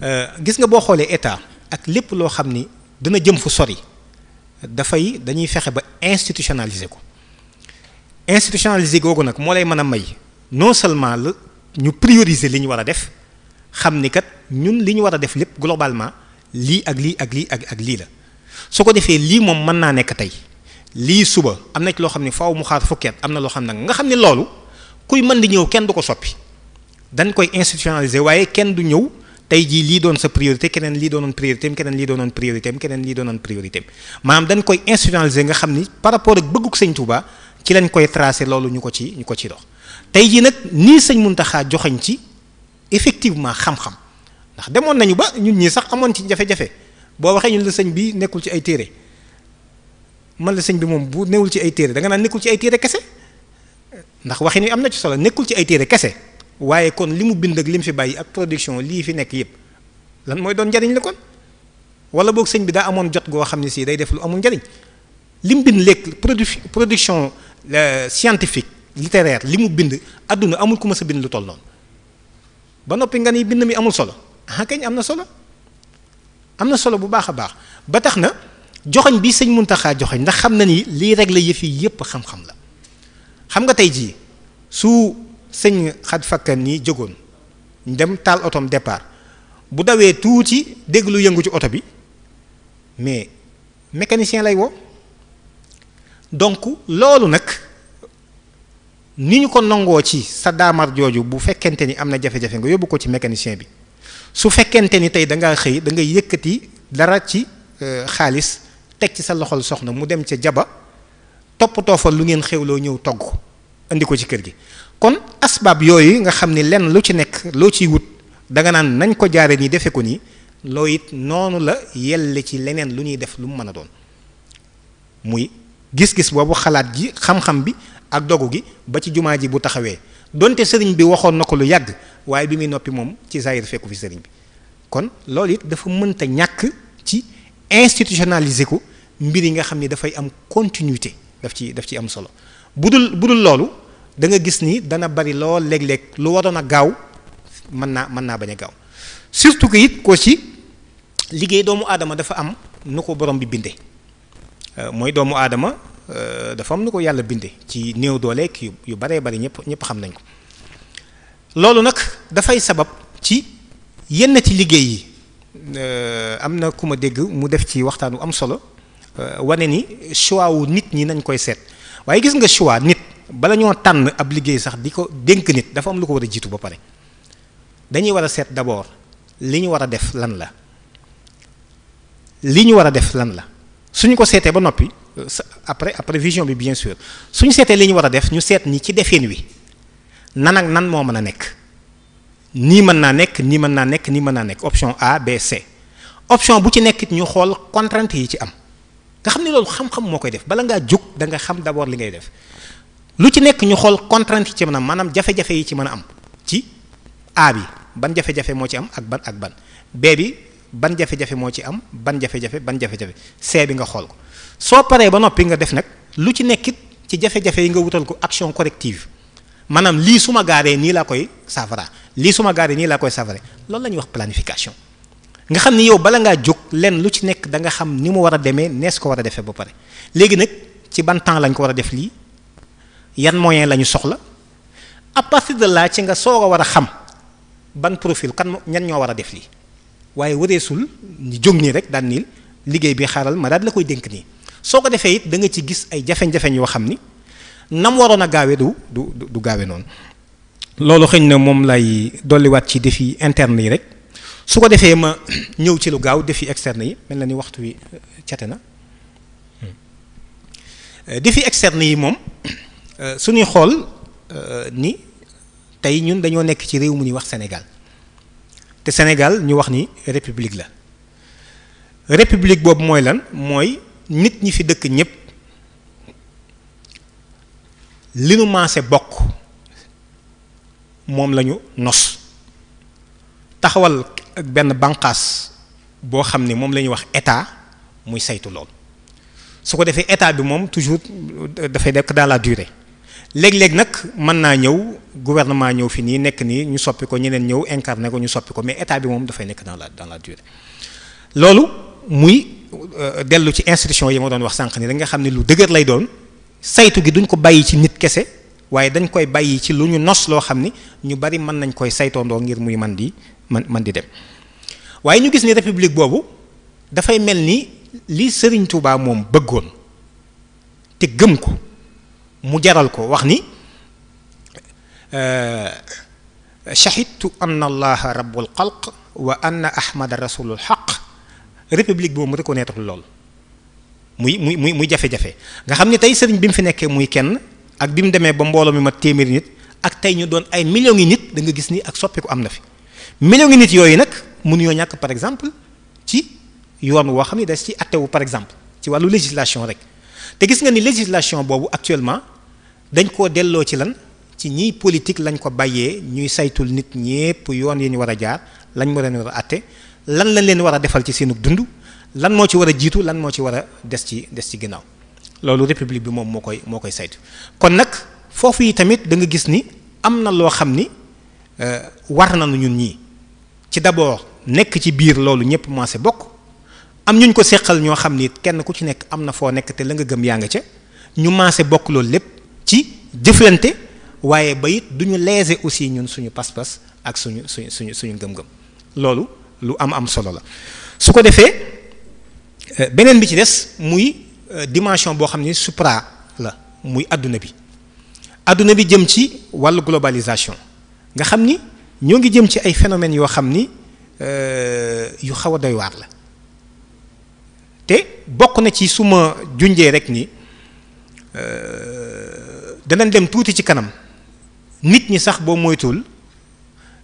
euh, gis nga boo xoolee état ak lépp loo xam ni dina jëm fu sori dafay dañuy fexe ba institutionnaliser ko institutionnalisé googu nag moo lay mën a may non seulement la ñu prioriser li ñu war a def xam ni kat ñun li ñu war a def lépp globalement lii ak lii ak lii ak ak lii la su ko defee lii moom mën naa nekk tey lii suba am na ci loo xam ne faaw mu xaar fukkeet am na loo xam ne nga xam ne loolu kuy mën di ñëw kenn du ko soppi dañ koy institutionnaliser waaye kenn du ñëw tey jii lii doon sa priorité keneen lii doonoon priorité am keneen lii doonoon priorité nga xam ni par rapport ak bëgguk Sëñ Tuubaa ci lañ koy tracé loolu ñu ko ci ñu ko ci dox tey jii nag nii sëñ Muntaxa joxañ ci effectivement xam-xam ndax demoon nañu ba ñun ñii sax amoon ci jafe-jafe boo waxee ñun la sëñ bi nekkul ci ay téere man la sëñ bi moom bu newul ci ay téere da nga naan nekkul ci ay téere kese ndax waxin wi am na ci solo nekkul ci ay téere kese waaye kon li mu bind ak li mu fi bàyyi ak production lii fi nekk yëpp lan mooy doon njariñ la kon wala boog sëñ bi daa amoon jot goo xam ne si day def lu amul njariñ li mu bind lekk production euh, scientifique littéraire li mu bind àdduna amul ku ma bind lu toll noonu ba noppi nga ni bind mi amul solo ah kañ am na solo am na solo bu baax a baax ba tax na joxañ bi sëñ Muntaxa joxoñ ndax xam na ni lii rek la yëf yi yëpp xam-xam la xam nga tey jii su sëñ xat fakkan nii jógoon dem taal otom départ bu dawee tuuti dégg lu yëngu ci oto bi mais mécanicien lay woo. donc loolu nag ni ñu ko nangoo ci sa daamar jooju bu fekkente ni am na jafe-jafe nga yóbbu ko ci mécanicien bi su fekkente ni tey da ngaa xëy da ngay yëkkati dara ci euh, xaalis teg ci sa loxol soxna mu dem ca jaba toppatoo fa lu ngeen xewloo ñëw togg indi ko ci kër gi kon asbaab yooyu nga xam ni lenn lu ci nekk loo ciy wut danga naan nañ ko jaare nii defe ko nii loo it noonu la yelle ci leneen lu ñuy def lu mu mën a doon muy gis-gis boobu xalaat ji xam-xam bi ak dogu gi ba ci jumaa ji bu taxawee donte sëriñ bi waxoon na ko lu yàgg waaye bi muy noppi moom ci zaahir fekku fi sëriñ bi kon loolu it dafa mënta ñàkk ci institutionnaliser ko mbir yi nga xam ni dafay am continuité daf ci daf ci am solo bu dul bu dul loolu da nga gis ni dana bari loo léeg-léeg lu waroon a gaaw mën naa mën naa bañ a gaaw surtout que it ko ci liggéey doomu aadama dafa am nu ko borom bi bindee. Euh, mooy doomu aadama euh, dafa am nu ko yàlla binde ci néew doole yu yu baree bari ñëpp ñëpp xam nañ ko loolu nag dafay sabab ci yenn ci liggéey yi euh, am na ku ma dégg mu def ci waxtaan wu am solo wane ni choix wu nit ñi nañ koy seet waaye gis nga choix nit bala ñoo tànn ab liggéey sax di ko dénk nit dafa am lu ko war a jiitu ba pare dañuy war a seet d'abord li ñu war a def lan la li ñu war a def lan la suñu ko seetee ba noppi euh, après après vision bi bien sûr suñu seetee li ñu war a def ñu seet ni ci defeen wi nan ak nan moo mën a nekk nii mën naa nekk nii mën naa nekk nii mën naa nekk option A B C option bu ci nekk ñu xool contrainte yi ci am nga xam ne loolu xam-xam moo koy def bala ngaa jóg da nga xam d'abord li ngay def lu ci nekk ñu xool contrainte yi ci mën a maanaam jafe-jafe yi ci mën a am ci A bi ban jafe-jafe moo ci am ak ban ak ban B bi. ban jafe-jafe moo ci am ban jafe-jafe ban jafe-jafe see bi nga xool ko soo paree ba noppi nga def nag lu ci nekk it ci jafe-jafe yi nga wutal ko action corrective maanaam lii su ma gaaree nii laa koy saafara lii su ma gaaree nii laa koy saafara loolu la ñuy wax planification nga xam ni yow bala ngaa jóg lenn lu ci nekk da nga xam ni mu war a demee nees ko war a defee ba pare léegi nag ci ban temps lañ ko war a def lii yan moyen la ñu soxla à partir de là nga soog a war a xam ban profil kan ñan ñoo war a def lii. waaye wareesul ñu jóg nii rek daan niil liggéey bi xaaral ma daal la koy dénk nii soo ko defee it da ci gis ay jafe-jafe yoo xam ni nam waroon a gaawe du du du gaawe noonu loolu xëñ na moom lay dolliwaat ci défi interne yi rek su ko defee ma ñëw ci lu gaaw defi externe yi mel na ni waxtu wi euh, cate na hmm. euh, défi externe yi moom euh, suñuy xool ni tey ñun dañoo nekk ci réew mu ñuy wax Sénégal te Sénégal ñu wax ni république la république boobu mooy lan mooy nit ñi fi dëkk ñëpp li nu maase bokk moom lañu nos taxawal ak benn banqaas boo xam ne moom la ñuy wax état muy saytu lool su ko defee état bi moom toujours dafay nekk dans la durée léeg-léeg nag mën naa ñëw gouvernement ñëw fi nii nekk nii ñu soppi ko ñeneen ñëw incarné ko ñu soppi ko mais état bi moom dafay nekk dans la dans loolu muy euh, dellu ci institution yi ma doon wax sànq ni da nga xam ne lu dëgër lay doon saytu gi duñ ko bàyyi ci nit kese waaye dañ koy bàyyi ci lu ñu nos loo xam ni ñu bari mën nañ koy saytoo ndoo ngir muy man di man man di dem waaye ñu gis ni république boobu dafay mel ni li Serigne Touba moom bëggoon te gëm ko mu jaral ko wax ni euh, shahidtu anna allaha rabbul xalq wa anna ahmada rasulul xaq république boobu mu reconnaître lool muy muy muy muy jafe-jafe nga xam ni tey sëriñ bi mu fi nekkee muy kenn ak bi mu demee ba mbooloo mi ma téeméeri nit ak tey ñu doon ay millions yi nit da nga gis ni ak soppiku am na fi millions yi nit yooyu nag mënuñoo ñàkk par exemple ci yoon woo xam ne des ci attewu par exemple ci wàllu législation rek te gis nga ni législation boobu actuellement dañ koo delloo ci lan ci ñiy politique lañ ko bàyyee ñuy saytul nit ñépp yoon yi ñu war a jaar lañ war a war a àtte lan lañ leen war a defal ci seenu dund lan moo ci war a jiitu lan moo ci war a des ci des ci ginnaaw loolu république bi moom moo koy moo koy saytu kon nag foofu yi tamit da nga gis ni am na loo xam ni euh, war nañu ñun ñii ci d'abord nekk ci biir loolu ñépp commencé bokk am ñu ñu ko séqal ñoo xam ni kenn ku ci nekk am na foo nekk te la nga gëm yaa nga ca ñu maase bokk loolu lépp ci jëflante waaye ba it du ñu léser aussi ñun suñu pas-pas ak suñu suñu suñu suñu ngëm-ngëm loolu lu am am solo la su ko defee euh, beneen bi ci des muy euh, dimension boo xam ni supra la muy adduna bi adduna bi jëm ci wàllu globalisation nga xam ni ñoo ngi jëm ci ay phénomènes yoo xam ni euh, yu xaw a doy la te bokk na ci suma junjee rek ni euh, danañ dem tuuti ci kanam nit ñi sax boo moytuwul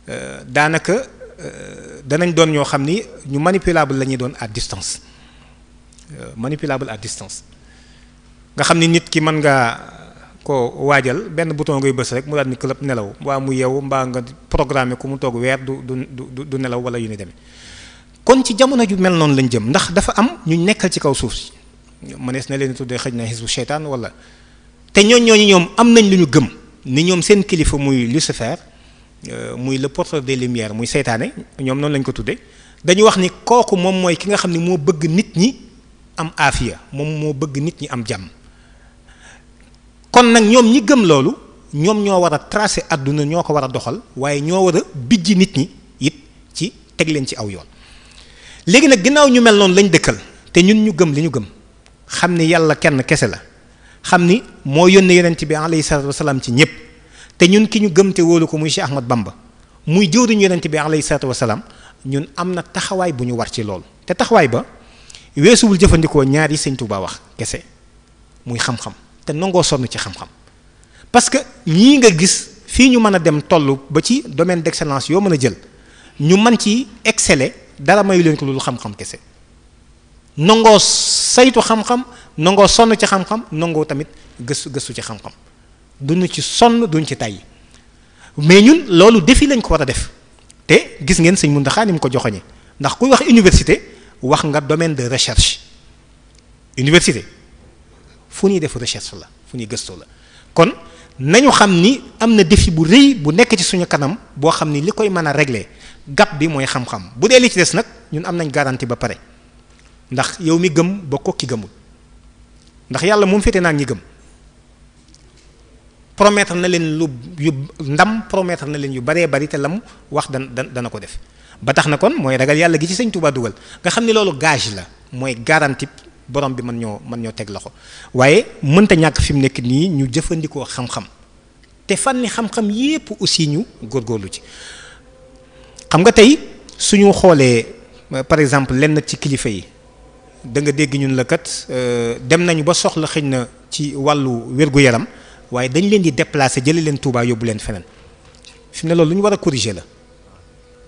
euh, daanaka euh, danañ doon ñoo xam ni ñu manipulable la ñuy doon à distance manipulable nga xam ni nit ki mën nga ko waajal benn bouton ngay bës rek mu daal ni club nelaw waa mu yeewu mbaa nga programme ku mu toog weer du du du nelaw wala yu ni demee kon ci jamono ju mel noonu lañ jëm ndax dafa am ñu nekkal ci kaw suuf si mënees na leen tuddee xëj na xisbu seytaan wala te ñooñ ñooñu ñoom am nañ lu ñu gëm ni ñoom seen kilifa muy Lucifer euh, muy le porteur des lumières muy seytaane ñoom noonu lañ ko tuddee dañu wax ni kooku moom mooy ki nga xam ne moo bëgg nit ñi am aafiya moom moo bëgg nit ñi am jàmm kon nag ñoom ñi gëm loolu ñoom ñoo war a tracer àdduna ñoo ko war a doxal waaye ñoo war a bijji nit ñi it ci teg leen ci aw yoon léegi nag ginnaaw ñu mel noonu lañ dëkkal te ñun ñu gëm li ñu gëm xam ni yàlla kenn kese la xam ni moo yónnee yonent bi alayhi salaatu wasalaam ci ñëpp te ñun ki ñu gëm te wóolu ko muy Cheikh Ahmad Bamba muy jëw jëwriñu yonent bi alayhi salaatu wasalaam ñun am na taxawaay bu ñu war ci lool te taxawaay ba weesuwul jëfandikoo ñaari yi sëñ Tuubaa wax kese muy xam-xam te nangoo sonn ci xam-xam parce que ñii nga gis fii ñu mën a dem toll ba ci domaine d'excellence yoo mën a jël ñu mën ci exceller dara mayu leen ko loolu xam-xam kese nangoo saytu xam-xam nangoo sonn ci xam-xam nangoo tamit gëstu gëstu ci xam-xam duñu ci sonn duñ ci tàyyi mais ñun loolu défi lañ ko war a def te gis ngeen sëñ Mountakha ni mu ko joxoñe ndax kuy wax université wax nga domaine de recherche université fu ñuy def recherche la fu ñuy gëstoo la kon nañu xam ni am na défi bu rëy bu nekk ci suñu kanam boo xam ni li koy mën a regle gap bi mooy xam-xam bu dee li ci des nag ñun am nañ garanti ba pare ndax yow mi gëm bokkoo ki gëmul ndax yàlla moom féete naa ñi gëm promettre na leen lu yu ndam promettre na leen yu baree bari te lam wax dan dana ko def ba tax na kon mooy ragal yàlla gi ci sëñ Tuubaa dugal nga xam ni loolu gage la mooy garanti borom bi mën ñoo man ñoo teg loxo waaye mënta ñàkk fi mu nekk nii ñu jëfandikoo xam-xam te fànni xam-xam yépp aussi ñu góorgóorlu ci xam nga tey suñu xoolee euh, par exemple lenn ci kilifa yi danga dégg ñun la kat euh, dem nañu ba soxla xëñ na ci wàllu wér-gu-yaram waaye dañ leen di déplacer jële leen Touba yóbbu leen feneen fi ne loolu lu ñu war a corriger la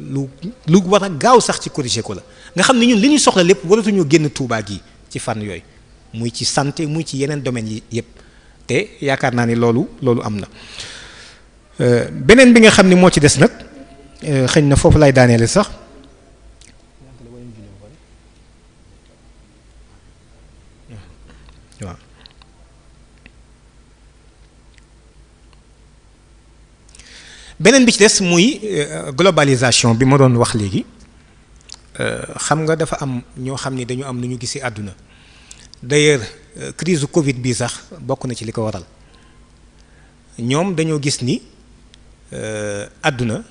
lu lu war a gaaw sax ci corriger ko la nga xam ne ñun li ñu soxla lépp waratuñoo génn Touba gii ci fànn yooyu muy ci santé muy ci yeneen domaines yi yëpp te yaakaar naa ni loolu loolu am na euh, beneen bi nga xam ne moo ci des nag euh, xëñ na foofu lay daaneele sax waaw beneen bi ci des muy euh, globalisation bi ma doon wax léegi Euh, xam nga dafa am ñoo xam ni dañu am nu ñu gisee àdduna d'ailleurs euh, crise Covid bii sax bokk na ci li ko waral ñoom dañoo gis ni euh, àdduna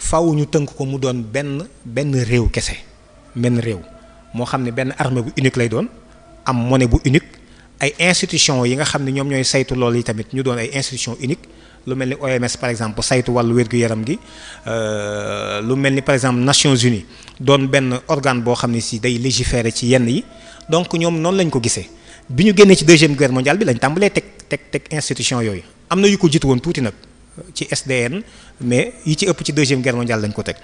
faaw ñu tënk ko mu doon benn benn réew kese benn réew moo xam ne benn armée bu unique lay doon am monnaie bu unique ay institution yi nga xam ne ñoom ñooy saytu lool yi tamit ñu doon ay institution unique lu mel ni OMS par exemple saytu wàllu wér yaram gi euh, lu mel ni par exemple Nations Unies doon benn organe boo xam ne si day légiférer ci yenn yi donc ñoom noonu lañ ko gisee bi ñu génnee ci deuxième guerre mondiale bi lañ tàmbalee teg teg teg institution yooyu am na yu ko jiitu woon tuuti nag euh, ci SDN mais yi ci ëpp ci deuxième guerre mondiale lañ ko teg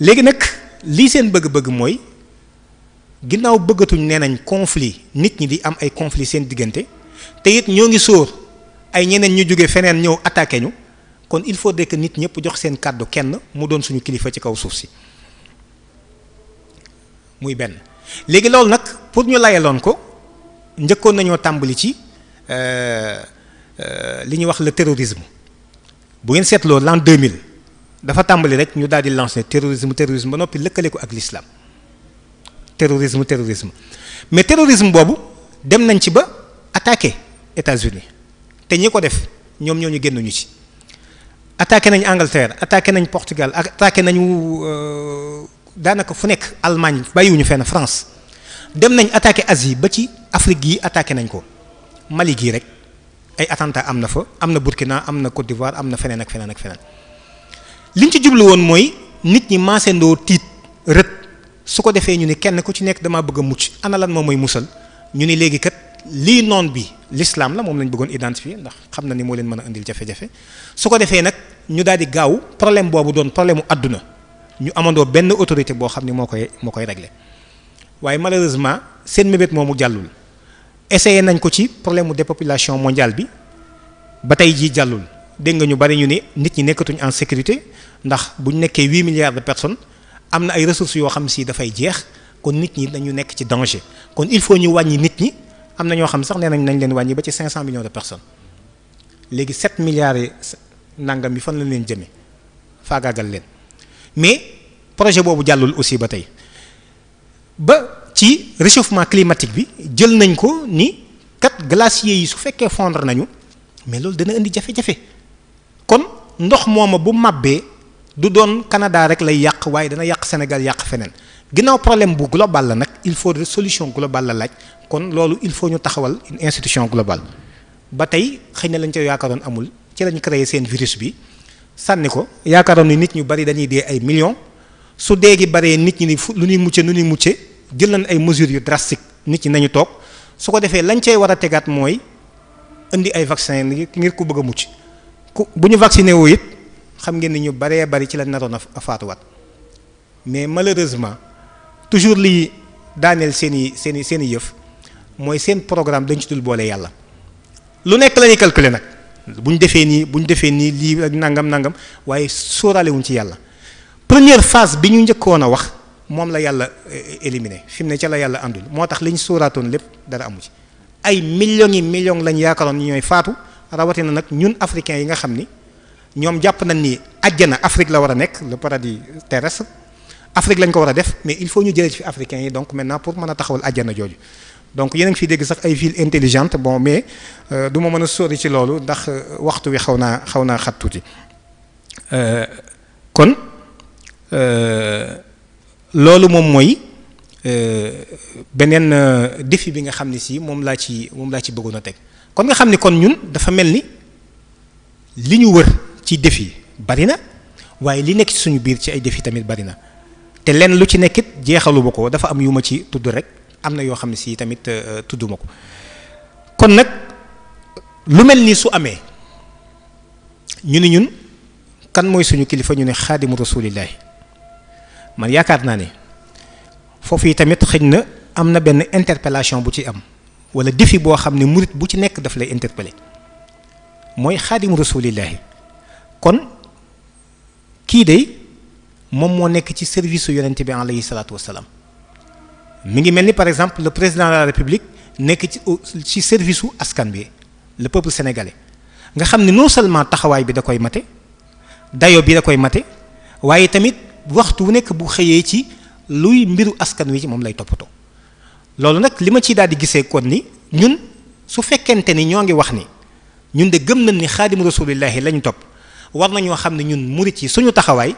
léegi nag lii seen bëgg-bëgg mooy ginnaaw bëggatuñ nee nañ conflit nit ñi di am ay conflit seen diggante te it ñoo ngi sóor ay ñeneen ñu jóge feneen ñëw attaqué ñu kon il de que nit ñëpp jox seen kàddu kenn mu doon suñu kilifa ci kaw suuf si muy benn léegi loolu nag pour ñu layaloon ko njëkkoon nañoo tàmbali ci euh, euh, li ñuy wax le terrorisme bu ngeen seetloo l'an mille dafa tàmbali rek ñu daal di lancer terrorisme terrorisme ba noppi lëkkale ko ak l'islam terrorisme terrorisme mais terrorisme boobu dem nañ ci ba attaqué États-Unis te ñi ko def ñoom ñoo ñu génn génnuñu ci attaqué nañu Angleterre attaqué nañ Portugal attaqué nañu euh, daanaka fu nekk Allemagne bàyyiwuñu fenn France dem nañ attaqué Asie ba ci Afrique yi attaqué nañ ko Mali gii rek ay attentat am na fa am na Burkina am na Côte d'Ivoire am na feneen ak feneen ak feneen liñ ci jublu woon mooy nit ñi maasandoo tiit rët su ko defee ñu ne kenn ku ci nekk damaa bëgg a mucc ana lan moom mooy musal ñu ni léegi kat. lii noon bi lislaam la moom lañ bëggoon identifier ndax xam na ni moo leen mën a indil jafe-jafe su ko defee nag ñu daal gaaw problème boobu doon problème mu àdduna ñu amandoo benn autorité boo xam ne moo koy moo koy régler waaye malheureusement seen mébét moomu jàllul essayé nañ ko ci problème mu dépopulation mondiale bi ba tey jii jàllul dégg nga ñu bari ñu ni nit ñi nekkatuñ en sécurité ndax bu ñu nekkee huit milliards de personnes am na ay ressources yoo xam si dafay jeex kon nit ñi dañu nekk ci danger kon il faut ñu wàññi nit ñi. am na ñoo xam sax nee nañ nañ leen wàññi ba ci 500 millions de personnes léegi 7 milliards yi nangam yi fan la leen jëmee faagaagal leen mais projet boobu jàllul aussi ba tey ba ci réchauffement climatique bi jël nañ ko ni kat glaciers yi su fekkee fondre nañu mais loolu dana indi jafe-jafe kon ndox mooma bu màbbee du doon Canada rek lay yàq waaye dana yàq Sénégal yàq feneen ginnaaw problème bu global la nag il faut re solution globale la laaj kon loolu il faut ñu taxawal une institution globale ba tey xëy na lañ ca yaakaaroon amul ci lañ créé seen virus bi sànni ko yaakaaroon ni nit ñu bari dañuy dee ay millions su dee gi baree nit ñi ni fu lu ñuy mucce nu ñuy mucce jël nañ ay mesures yu drastique nit ñi nañu toog su ko defee lañ cay war a tegaat mooy indi ay vaccin ngir ku bëgg a mucc ku bu ñu vacciné wu it xam ngeen ni ñu baree bari ci la naroon a faatuwaat mais malheureusement toujours lii daaneel seen i seen i seen i yëf mooy seen programme dañ ci dul boole yàlla lu nekk la calculer nag bu ñu defee nii bu ñu defee nii lii ak nangam nangam waaye sóoraale wuñ ci yàlla première phase bi ñu njëkkoon a wax moom la yàlla eh, éliminé fi mu ne ca la yàlla àndul moo tax li ñu sóoraatoon lépp dara amu ci ay millions yi millions lañ yaakaaroon ñooy faatu rawatina nag ñun africains yi nga xam ni ñoom jàpp nañ ni àjjana Afrique la war a nekk le paradis terrestre Afrique lañ ko war a def il faut ñu jëlee yi donc maintenant pour mën a taxawal àjjana donc yéen a ngi fi dégg sax ay ville intelligente bon mais euh, duma mën a sori ci loolu ndax euh, waxtu wi xaw naa xaw naa xat tuuti euh, kon loolu moom mooy beneen défi bi nga xam ni si moom laa ci moom laa ci bëggoon a teg kon nga xam ni kon ñun dafa mel ni li ñu wër ci défi bari na waaye li nekk ci suñu biir ci ay défi tamit bari na te lenn lu ci nekkit jeexalu ba ko dafa am yu ma ci tudd rek. am na yoo xam ne si tamit euh, euh, tudduma ko kon nag lu mel ni su amee ñu ne ñun kan mooy suñu kilifa ñu ne xaadimu rasulillahi man yaakaar naa ne foofu yi tamit xëj na am na benn interpellation bu ci am walla défi boo xam ne murit bu ci nekk daf lay interpellé mooy xaadimu rasulillahi kon kii de moom moo nekk ci service su yonent bi alayhi salaatu wasalaam mi ngi mel ni par exemple le président de la république nekk ci ci service su askan bi le peuple sénégalais nga xam ne non seulement taxawaay bi da koy mate dayo bi da koy mate waaye tamit waxtu wu nekk bu xëyee ci luy mbiru askan wi ci moom lay toppatoo loolu nag li ma ciy daal di gisee kon ni ñun su fekkente ni ñoo ngi wax ni ñun de gëm nañ ni xaadim rasulillahi lañ topp war nañoo xam ne ñun murit yi suñu taxawaay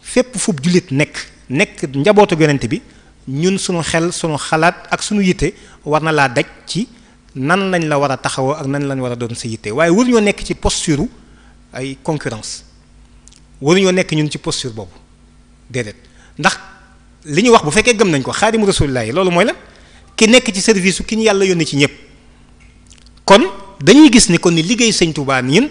fépp fub jullit nekk nekk njabootu yonent bi. ñun sunu xel sunu xalaat ak sunu yitte war na laa daj ci nan lañ la war a taxawoo ak nan lañ war a doon sa yitte waaye ñoo nekk ci posture ay concurrence ñoo nekk ñun ci posture boobu déedéet ndax li ñu wax bu fekkee gëm nañ ko xaadimu rasulillah yi loolu mooy la ki nekk ci service su ki ñu yàlla yónnee ci ñëpp kon dañuy gis ni kon ni liggéey sëñ Tuubaa ñun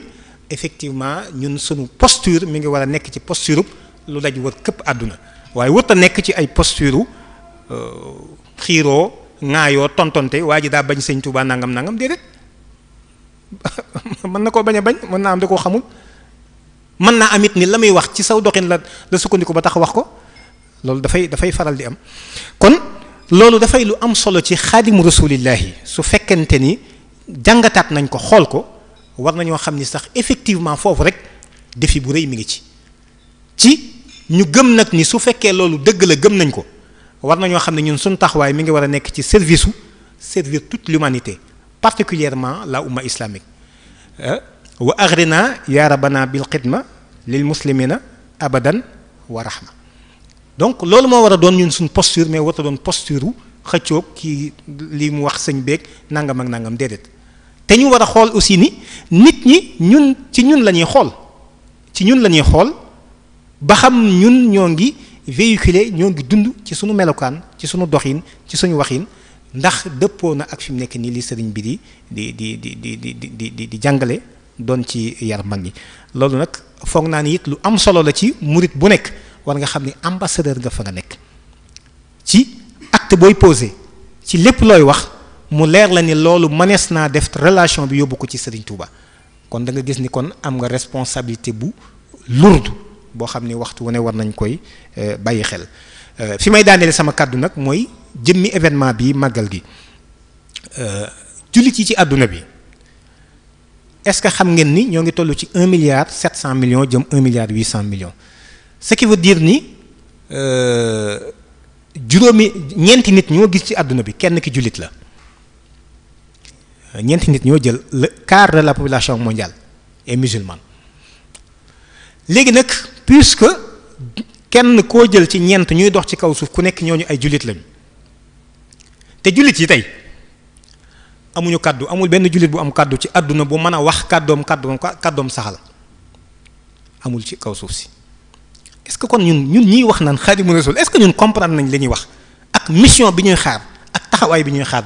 effectivement ñun sunu posture mi ngi war a nekk ci posture lu daj wër këpp àdduna waaye wërta nekk ci ay posture xiiroo ŋaayoo tontonte waa ji daa bañ sëñ Tuubaa nangam nangam déedéet mën na koo bañ a bañ mën naa am da koo xamul mën naa amit ni la muy wax ci saw doxin la la sukkandiku ba tax wax ko loolu dafay dafay faral di am kon loolu dafay lu am solo ci xaadimu rasulillahi su fekkente ni jàngataat nañ ko xool ko war nañoo xam ni sax effectivement foofu rek défi bu rëy mi ngi ci ci ñu gëm nag ni su fekkee loolu dëgg la gëm nañ ko war ñoo xam ne ñun suñu taxawaay mi ngi war a nekk ci service u servir toute l'humanité particulièrement la umma islamique euh, wa agrina ya rabana bil xidma lil muslimina abadan wa rahma donc loolu moo war a doon ñun suñ posture mais war a doon posture u xëccoog kii li mu wax sëñ beeg nangam ak nangam déedéet te ñu war a xool aussi ni nit ñi ñun ci ñun la ñuy xool ci ñun la ñuy xool ba xam ñun ñoo ngi véhiculer ñoo ngi dund ci suñu melokaan ci suñu doxin ci suñu waxin ndax dëppoo na ak fi mu nekk nii li sëriñ bi di di di di di di di di jàngale doon ci yar mag ñi loolu nag foog naa ni it lu am solo la ci murit bu nekk war nga xam ni ambassadeur nga fa nga nekk ci acte booy posé ci lépp looy wax mu leer la ni loolu mënees naa def relation bi yóbbu ko ci sëriñ Touba kon da nga gis ni kon am nga responsabilité bu lourde boo xam ne waxtu wu ne war nañ koy euh, bàyyi xel euh, fi may daaneel sama kàddu nag mooy jëmmi événement bii màggal gi euh, jullit yi ci àdduna bi est-ce que xam ngeen ni ñoo ngi toll ci un milliard sept cent millions jëm un milliard huit cent millions ce qui veut dire ni juróomi ñeenti nit ñoo gis ci àdduna bi kenn ki jullit la ñeenti nit ñoo jël le quart de la population mondiale e musulmane léegi nag puisque kenn koo jël ci ñeent ñuy dox ci kaw suuf ku nekk ñooñu ay jullit lañu te jullit yi tey amuñu kàddu amul benn jullit bu am kàddu ci àdduna bu mën a wax kàddoom kàddoom kàddoom saxal amul ci kaw suuf si est-ce que kon ñun ñun ñuy wax naan Xaadimu Rasuul est-ce que ñun comprendre nañ li ñuy wax ak mission bi ñuy xaar ak taxawaay bi ñuy xaar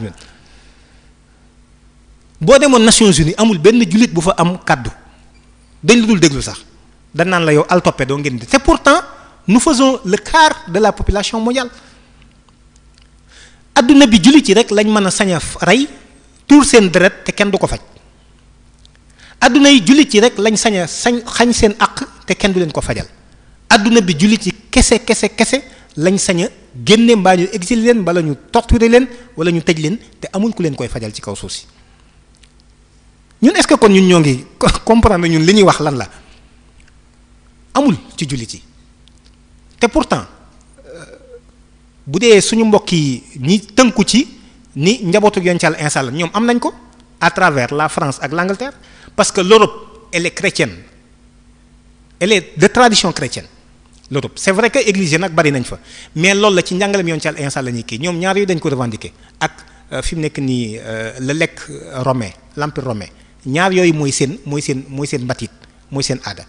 boo demoon Nations uni amul benn jullit bu fa am kàddu dañ la dul déglu sax. dañ naan la yow al toppe doo ngeen di te pourtant nous faisons le quart de la population mondiale adduna bi jullit yi rek lañ mën a sañ rey tuur seen deret te kenn du ko faj adduna yi jullit yi rek lañ sañ sañ xañ seen àq te kenn du leen ko fajal adduna bi jullit yi kese kese kese lañ sañ a génne mbaa ñu exil leen mbala ñu torturer leen wala ñu tëj leen te amul ku leen koy fajal ci kaw suuf si ñun est que kon ñun ñoo ngi comprendre ñun li ñuy wax lan la. amul ci jullit yi te pourtant euh, bu dee suñu mbokk yi ñi tënku ci ni njabootu yoon ci Yàlla Iisaa la ñoom am nañ ko à travers la France ak l'Angleterre parce que l'Europe elle est chrétienne elle est de tradition chrétienne l'Europe c'est vrai que église nag bari nañ fa mais loolu la ci njàngaleem yoon ci Yàlla Iisaa la kii ñoom ñaar yooyu dañ ko revendiquer ak euh, fi mu nekk nii la euh, lekk romain l'empire romain ñaar yooyu mooy seen mooy seen mooy seen mooy seen aada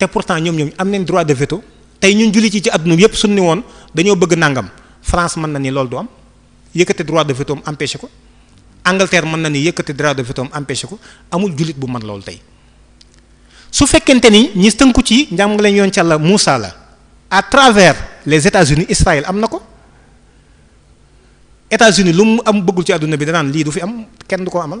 te pourtant ñoom ñoom am nañ droit de veto tey ñun julli ci ci adduna yépp suñu ni woon dañoo bëgg nangam France mën na ni loolu du am yëkkate droit de veto am empêché ko Angleterre mën na ni yëkkate droit de veto am ko amul jullit bu mën loolu tey su fekkente ni ñi tënku ci njàngaleem yoon ca la Moussa la à travers les États-Unis Israël am na ko États-Unis lu mu am bëggul ci àdduna bi danaan lii du fi am kenn du ko amal.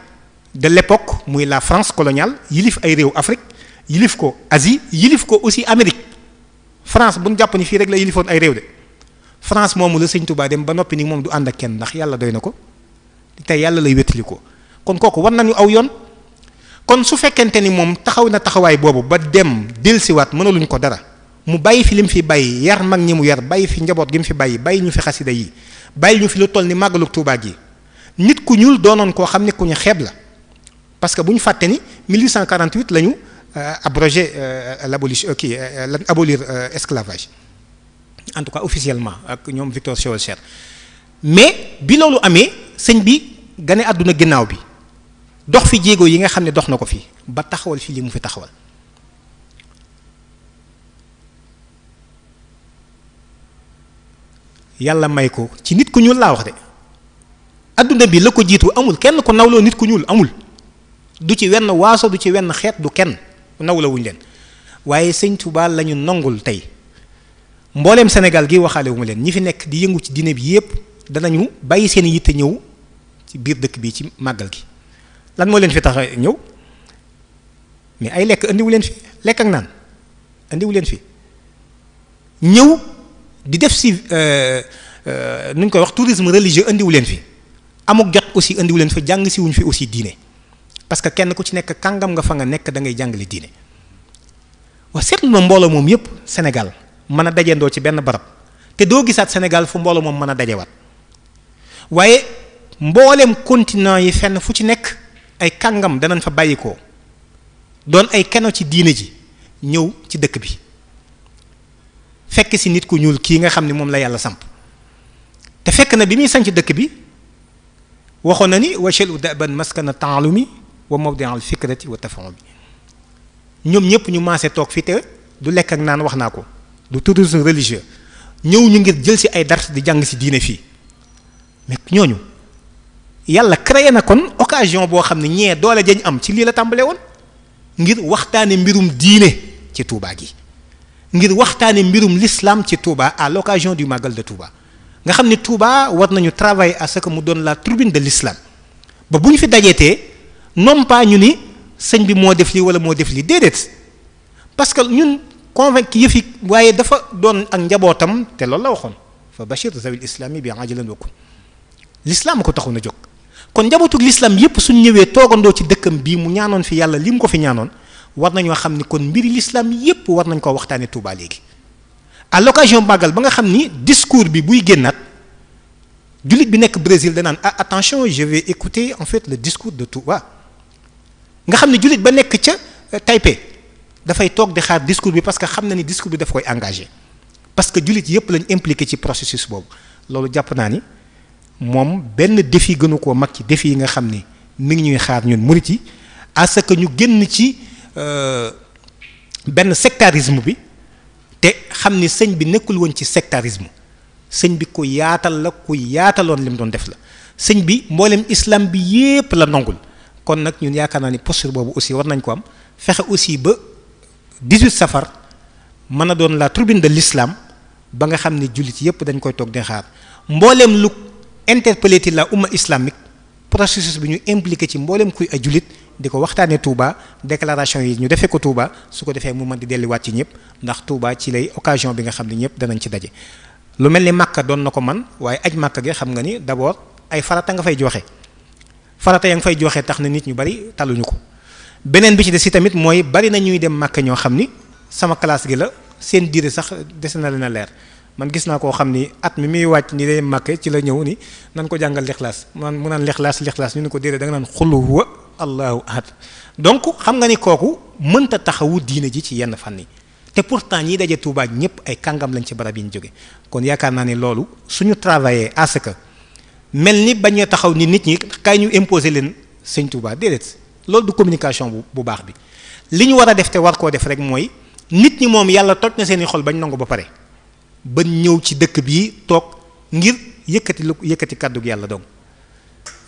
de l'époque muy la France coloniale yilif ay réew Afrique yilif ko asi yilif ko aussi Amérique France bu jàpp ni fii rek la yilifoon ay réew de France moomu la sëñ Touba dem ba noppi ni moom du ànd ak kenn ndax yàlla doy na ko te yàlla lay wétali ko kon kooku war nañu aw yoon kon su fekkente ni moom taxaw na taxawaay boobu ba dem delsiwaat mënaluñ ko dara mu bàyyi fi lim fi bàyyi yar mag ñi mu yar bàyyi fi njaboot gi mu fi bàyyi bàyyi ñu fi xasida yi bàyyi fi lu toll ni màggalu Touba gi nit ku ñuul doonoon koo xam ne ku ñu xeeb la. parce que bu ñu fàtte ni 1848 la ñu euh, abrogé euh, euh, l'abolition kii lan abolir esclavage en tout cas officiellement ak ñoom Victor Schœlcher mais bi loolu amee sëñ bi gane àdduna ginnaaw bi dox fi jéego yi nga xam ne dox na ko fii ba taxawal fii li mu fi taxawal yàlla may ko ci nit ku ñuul laa wax de àdduna bi la ko jiitu amul kenn ko nawloo nit ku ñuul amul du ci wenn waaso du ci wenn xeet du kenn naw la wuñ leen waaye sëñ Touba lañu ñu nongul tey mbooleem Sénégal gi waxaale wu ma leen ñi fi nekk di yëngu ci diine bi yépp danañu bàyyi seen yitte ñëw ci biir dëkk bi ci màggal gi lan moo leen fi tax ñëw mais ay lekk andiwu leen fi lekk ak naan andiwu leen fi ñëw di def si nu ñu koy wax tourisme religieux indiwu leen fi amuk jot aussi andiwu leen fi jàng si wuñ fi aussi diine parce que kenn ku ci nekk kàngam nga fa nga nekk dangay ngay jàngale diine wa seetlu na mbooloo moom yépp Sénégal mën a dajendoo ci benn barab te doo gisaat Sénégal fu mbooloo moom mën a daje dajewaat waaye mboolem continent yi fenn fu ci nekk ay kàngam danañ fa bàyyikoo doon ay keno ci diine ji ñëw ci dëkk bi fekk si nit ku ñuul kii nga xam ne moom la yàlla samp te fekk na bi muy sanc dëkk bi waxoon na ni wachelu temps maskana taalumi wa mawdi'al fikrati wa tafahum bi ñoom ñëpp ñu maase toog fii te du lekk ak naan wax naa ko du tourisme religieux ñëw ñu ngir jël si ay dars di jàng si diine fii mais ñooñu yàlla créer na kon occasion boo xam ne ñee doole jañ am ci lii la tàmbale woon ngir waxtaane mbirum diine ci Touba gi ngir waxtaane mbirum l'islam ci Touba à l'occasion du Magal de Touba nga xam ne Touba war nañu travailler à ce que mu doon la tribune de l'islam ba bu ñu non pas ñu ni sëñ bi moo def lii wala moo def lii déedéet parce que ñun convaincre yëf yi waaye dafa doon ak njabootam te lool la waxoon fa bashir zawil islami bi ajilan wa ko l'islam ko taxoon a jóg kon njabootuk l'islam yépp suñ ñëwee toogandoo ci dëkkam bii mu ñaanoon fi yàlla li mu ko fi ñaanoon war nañoo xam ni kon mbiri l'islam yépp war nañ koo waxtaane Touba léegi à l'occasion màggal ba nga xam ni discours bi buy génnaat jullit bi nekk Brésil danaan ah attention je vais écouter en fait le discours de Touba nga xam ne jullit ba nekk ca euh, Taipei dafay toog di xaar discours bi parce que xam na ni discours bi daf koy engagé parce que jullit yëpp lañu impliqué ci processus boobu loolu jàpp naa ni moom benn défi gënu koo mag ci défi yi nga xam ni mi ngi ñuy xaar ñun murit yi à ce que ñu génn ci euh, benn sectarisme bi te xam ni sëñ bi nekkul woon ci sectarisme sëñ bi ku yaatal la ku yaataloon li mu doon def la sëñ bi mboolem islam bi yépp la nongul kon nag ñun yaakaar naa ni posture boobu aussi war nañ ko am fexe aussi ba 18 safar mën a doon la tribune de l'islam ba nga xam ni jullit yépp dañ koy toog di xaar mbooleem lu interpellé ti la umma islamique processus bi ñu impliqué ci mbooleem kuy ay jullit di ko waxtaanee Touba déclaration yi ñu defee ko Touba su ko defee mu mën di delluwaat ci ñëpp ndax Touba ci lay occasion bi nga xam ne ñëpp danañ ci daje lu mel ni Màkka doon na ko man waaye aj Màkka gi xam nga ni d'abord ay farata nga fay joxe. farata yaa nga fay joxe tax na nit ñu bari taluñu ko beneen bi ci des si tamit mooy bari na ñuy dem màkk ñoo xam ni sama classe gi la seen diire sax dese na leen a leer man gis naa koo xam ni at mi muy wàcc ni day màkke ci la ñëw ni nan ko jàngal lixlaas man mu naan lixlaas lixlaas ñu ni ko déedéet da nga naan xulu huwa allahu ahad donc xam nga ni kooku mënta taxawu diine ji ci yenn fànn yi te pourtant ñiy daje Tuubaa ñëpp ay kàngam lañ ci barab yi ñu jóge kon yaakaar naa ne loolu suñu travailler à ce mel ni bañ a taxaw ni nit ñi kay ñu imposer leen sëñ Touba déedéet loolu du communication bu bu baax bi li ñu war a def te war koo def rek mooy nit ñi moom yàlla toj na seen i xol bañ nangu ba pare ba ñëw ci dëkk bi toog ngir yëkkati lu yëkkati kàddu yàlla yàlla dong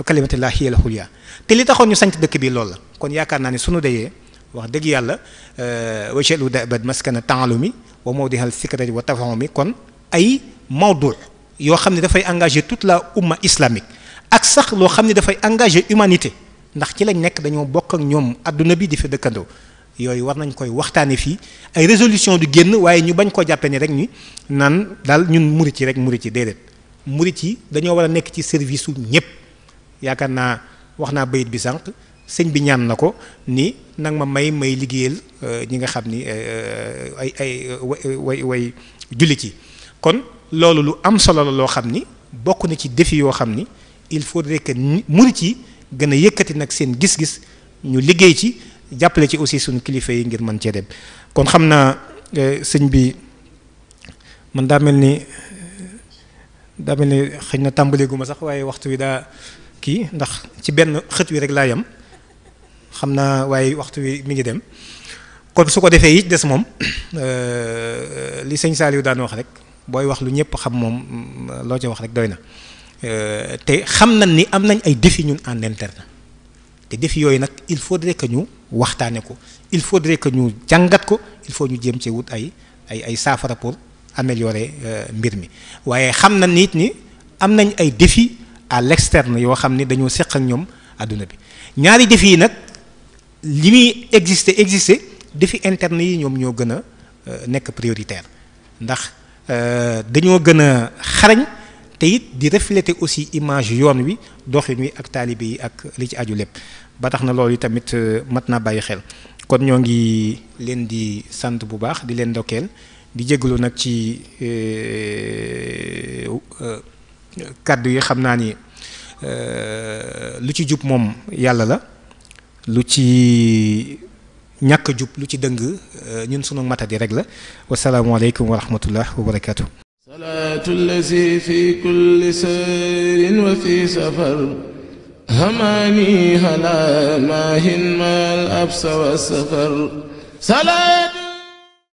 kalimatullah hiya al ulya te li taxoon ñu sanc dëkk bi loolu la kon yaakaar naa ne sunu deyee wax dëgg yàlla euh, wajelu dabad maskana moo wa mawdihal sikrati wa mi kon ay mawdu yoo xam ne dafay engagé tout la umma islamique ak sax loo xam ne dafay engagé humanité ndax ci lañ nekk dañoo bokk ak ñoom àdduna bi di fa dëkkandoo yooyu war nañ koy waxtaanee fii ay résolution du génn waaye ñu bañ koo jàppe ni rek ñu naan daal ñun murit yi rek murit yi déedéet murit yi dañoo war a nekk ci service u ñëpp yaakaar naa wax naa bayit bi sànq sëñ bi ñaan na ko ni nag ma may may liggéeyal euh, ñi nga xam ni euh, ay ay euh, way way way jullit yi loolu lu am solo la loo xam ni bokk na ci défi yoo xam ni il faudrait que murit ci gën a yëkkati nag seen gis-gis ñu liggéey ci jàppale ci aussi suñu kilifa yi ngir mën cee dem kon xam naa euh, sëñ bi man daa mel ni daa mel ni xëy na tàmbaleegu ma sax waaye waxtu wi daa kii ndax ci benn xët wi rek laa yam xam naa waaye waxtu wi mi ngi dem kon su ko defee it des moom euh, li sëñ Saliou daan wax rek. booy wax lu ñëpp xam moom mm, loo ca wax rek doy na euh, te xam na ni am nañ ay défis ñun en interne te defi yooyu nag il faudrait que ñu waxtaane ko il faudrait que ñu jàngat ko il faut ñu jéem cee wut ay ay ay saafara pour améliorer euh, mbir mi waaye xam na nit ni am nañ ay défis à l'externe yoo xam ni dañoo seq ak ñoom àdduna bi ñaari défis yi nag li muy exister existe défis internes yi ñoom ñoo gën a euh, nekk prioritaire ndax. Euh, dañoo gën a xarañ te it di refléter aussi image yoon wi doxin wi ak taalibe yi ak li ci aju lépp ba tax na loolu tamit euh, mat naa bàyyi xel kon ñoo ngi leen di sant bu baax di leen ndokkeel di jégalu nag ci euh, kàddu yi xam naa ni lu ci jub moom yàlla la lu ci ñàkk a jub lu ci dëng euh, ñun sunu matadi rek la wasalaamualeykum wa rahmatullah wa barakaatu. salaatu lazi fi kulli sayrin wa fi safar hamaani hala maahin maal absa wa safar